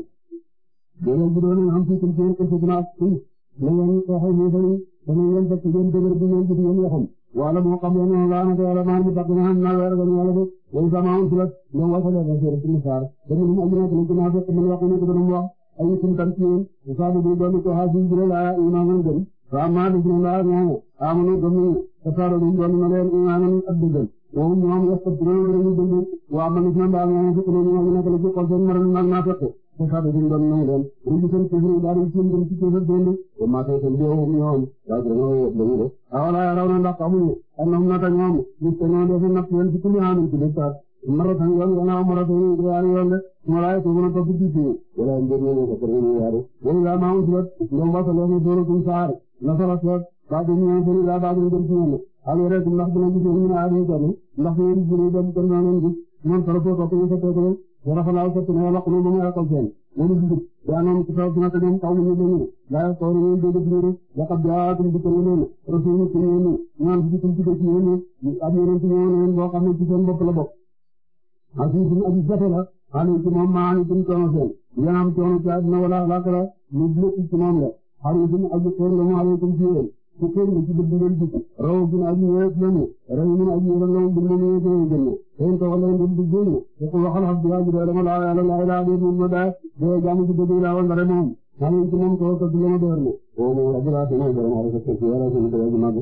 loolu bu doon am ci suñu kër si dinaa suñu la ngeen waxee ñu bëri dana ngeen fekk ngeen wala moo xam ne noonu laa nekk yàlla maa ngi bàq weer ak yàlla loolu sama woon ci la ñoom waa Kelle Mbaye Seydou Sow Sarr dañu ne ñu am ñu naan ci ñu naan ko ñu ko doon wax ay itam tam ci ñun Moussa di di doon ko xaar si biir laa imaam lañ gën waaw maa di gën laa ñaane amoon gëm ñu te Sarr di leen imaam ak di gën moom ñoom yëpp ci te sax dañu doon nangu leen dañu gis seen suuf daal di seen dem ci suuf ak démb ba maa koy seen déwéw ñoom daal dañoo dañu def waaw laa raw na ndax amuñu am na naata ñoom gis nga ñoom dafa natt leen ci suñu ànd ci des sax maratan yoon gannaaw maratan yaari yoon de ma laay ko mën a topp ci suuf wala mbir mi nekk pour ñu yaari wala laa maa wutu rek ñoom wasa leen ñu door a tuñ saar nasara soot baa ko ñëw seen laa baa ko ñu dem suñu allo rek ndax dina gis ñu ne aar ñu toll ndax ñu dem suñu dem kër naa leen gis man sara soo topp ñu fa tekkale yàlla fa laaw sotti na yàlla xulul ba mu yàqal seen loolu dugub daa noonu ci kaw sunata ñoom kaw mu ñu leen laa kaw ñu leen dégg ñu laqad jaatum dikkal leen rasulun ci ñoom ñaan ci ci ci ñoom ak ñoom ci ñoom leen boo xam ne la bokk asiisun aji jafe la xale ci tey lu ci dëgg ngeen di raw bi na aji yees lañu raw bi na aji yees lañu bu ñu yees lañu gën seen ko wala ndim digël ko waxal abdu ah, aji da la la la la la ni mo ah, da do jamu ci dëgg la wala moom xam ci moom ko ko dina ma door ni o mo rabbul alamin do na ko ci wala ci dëgg ma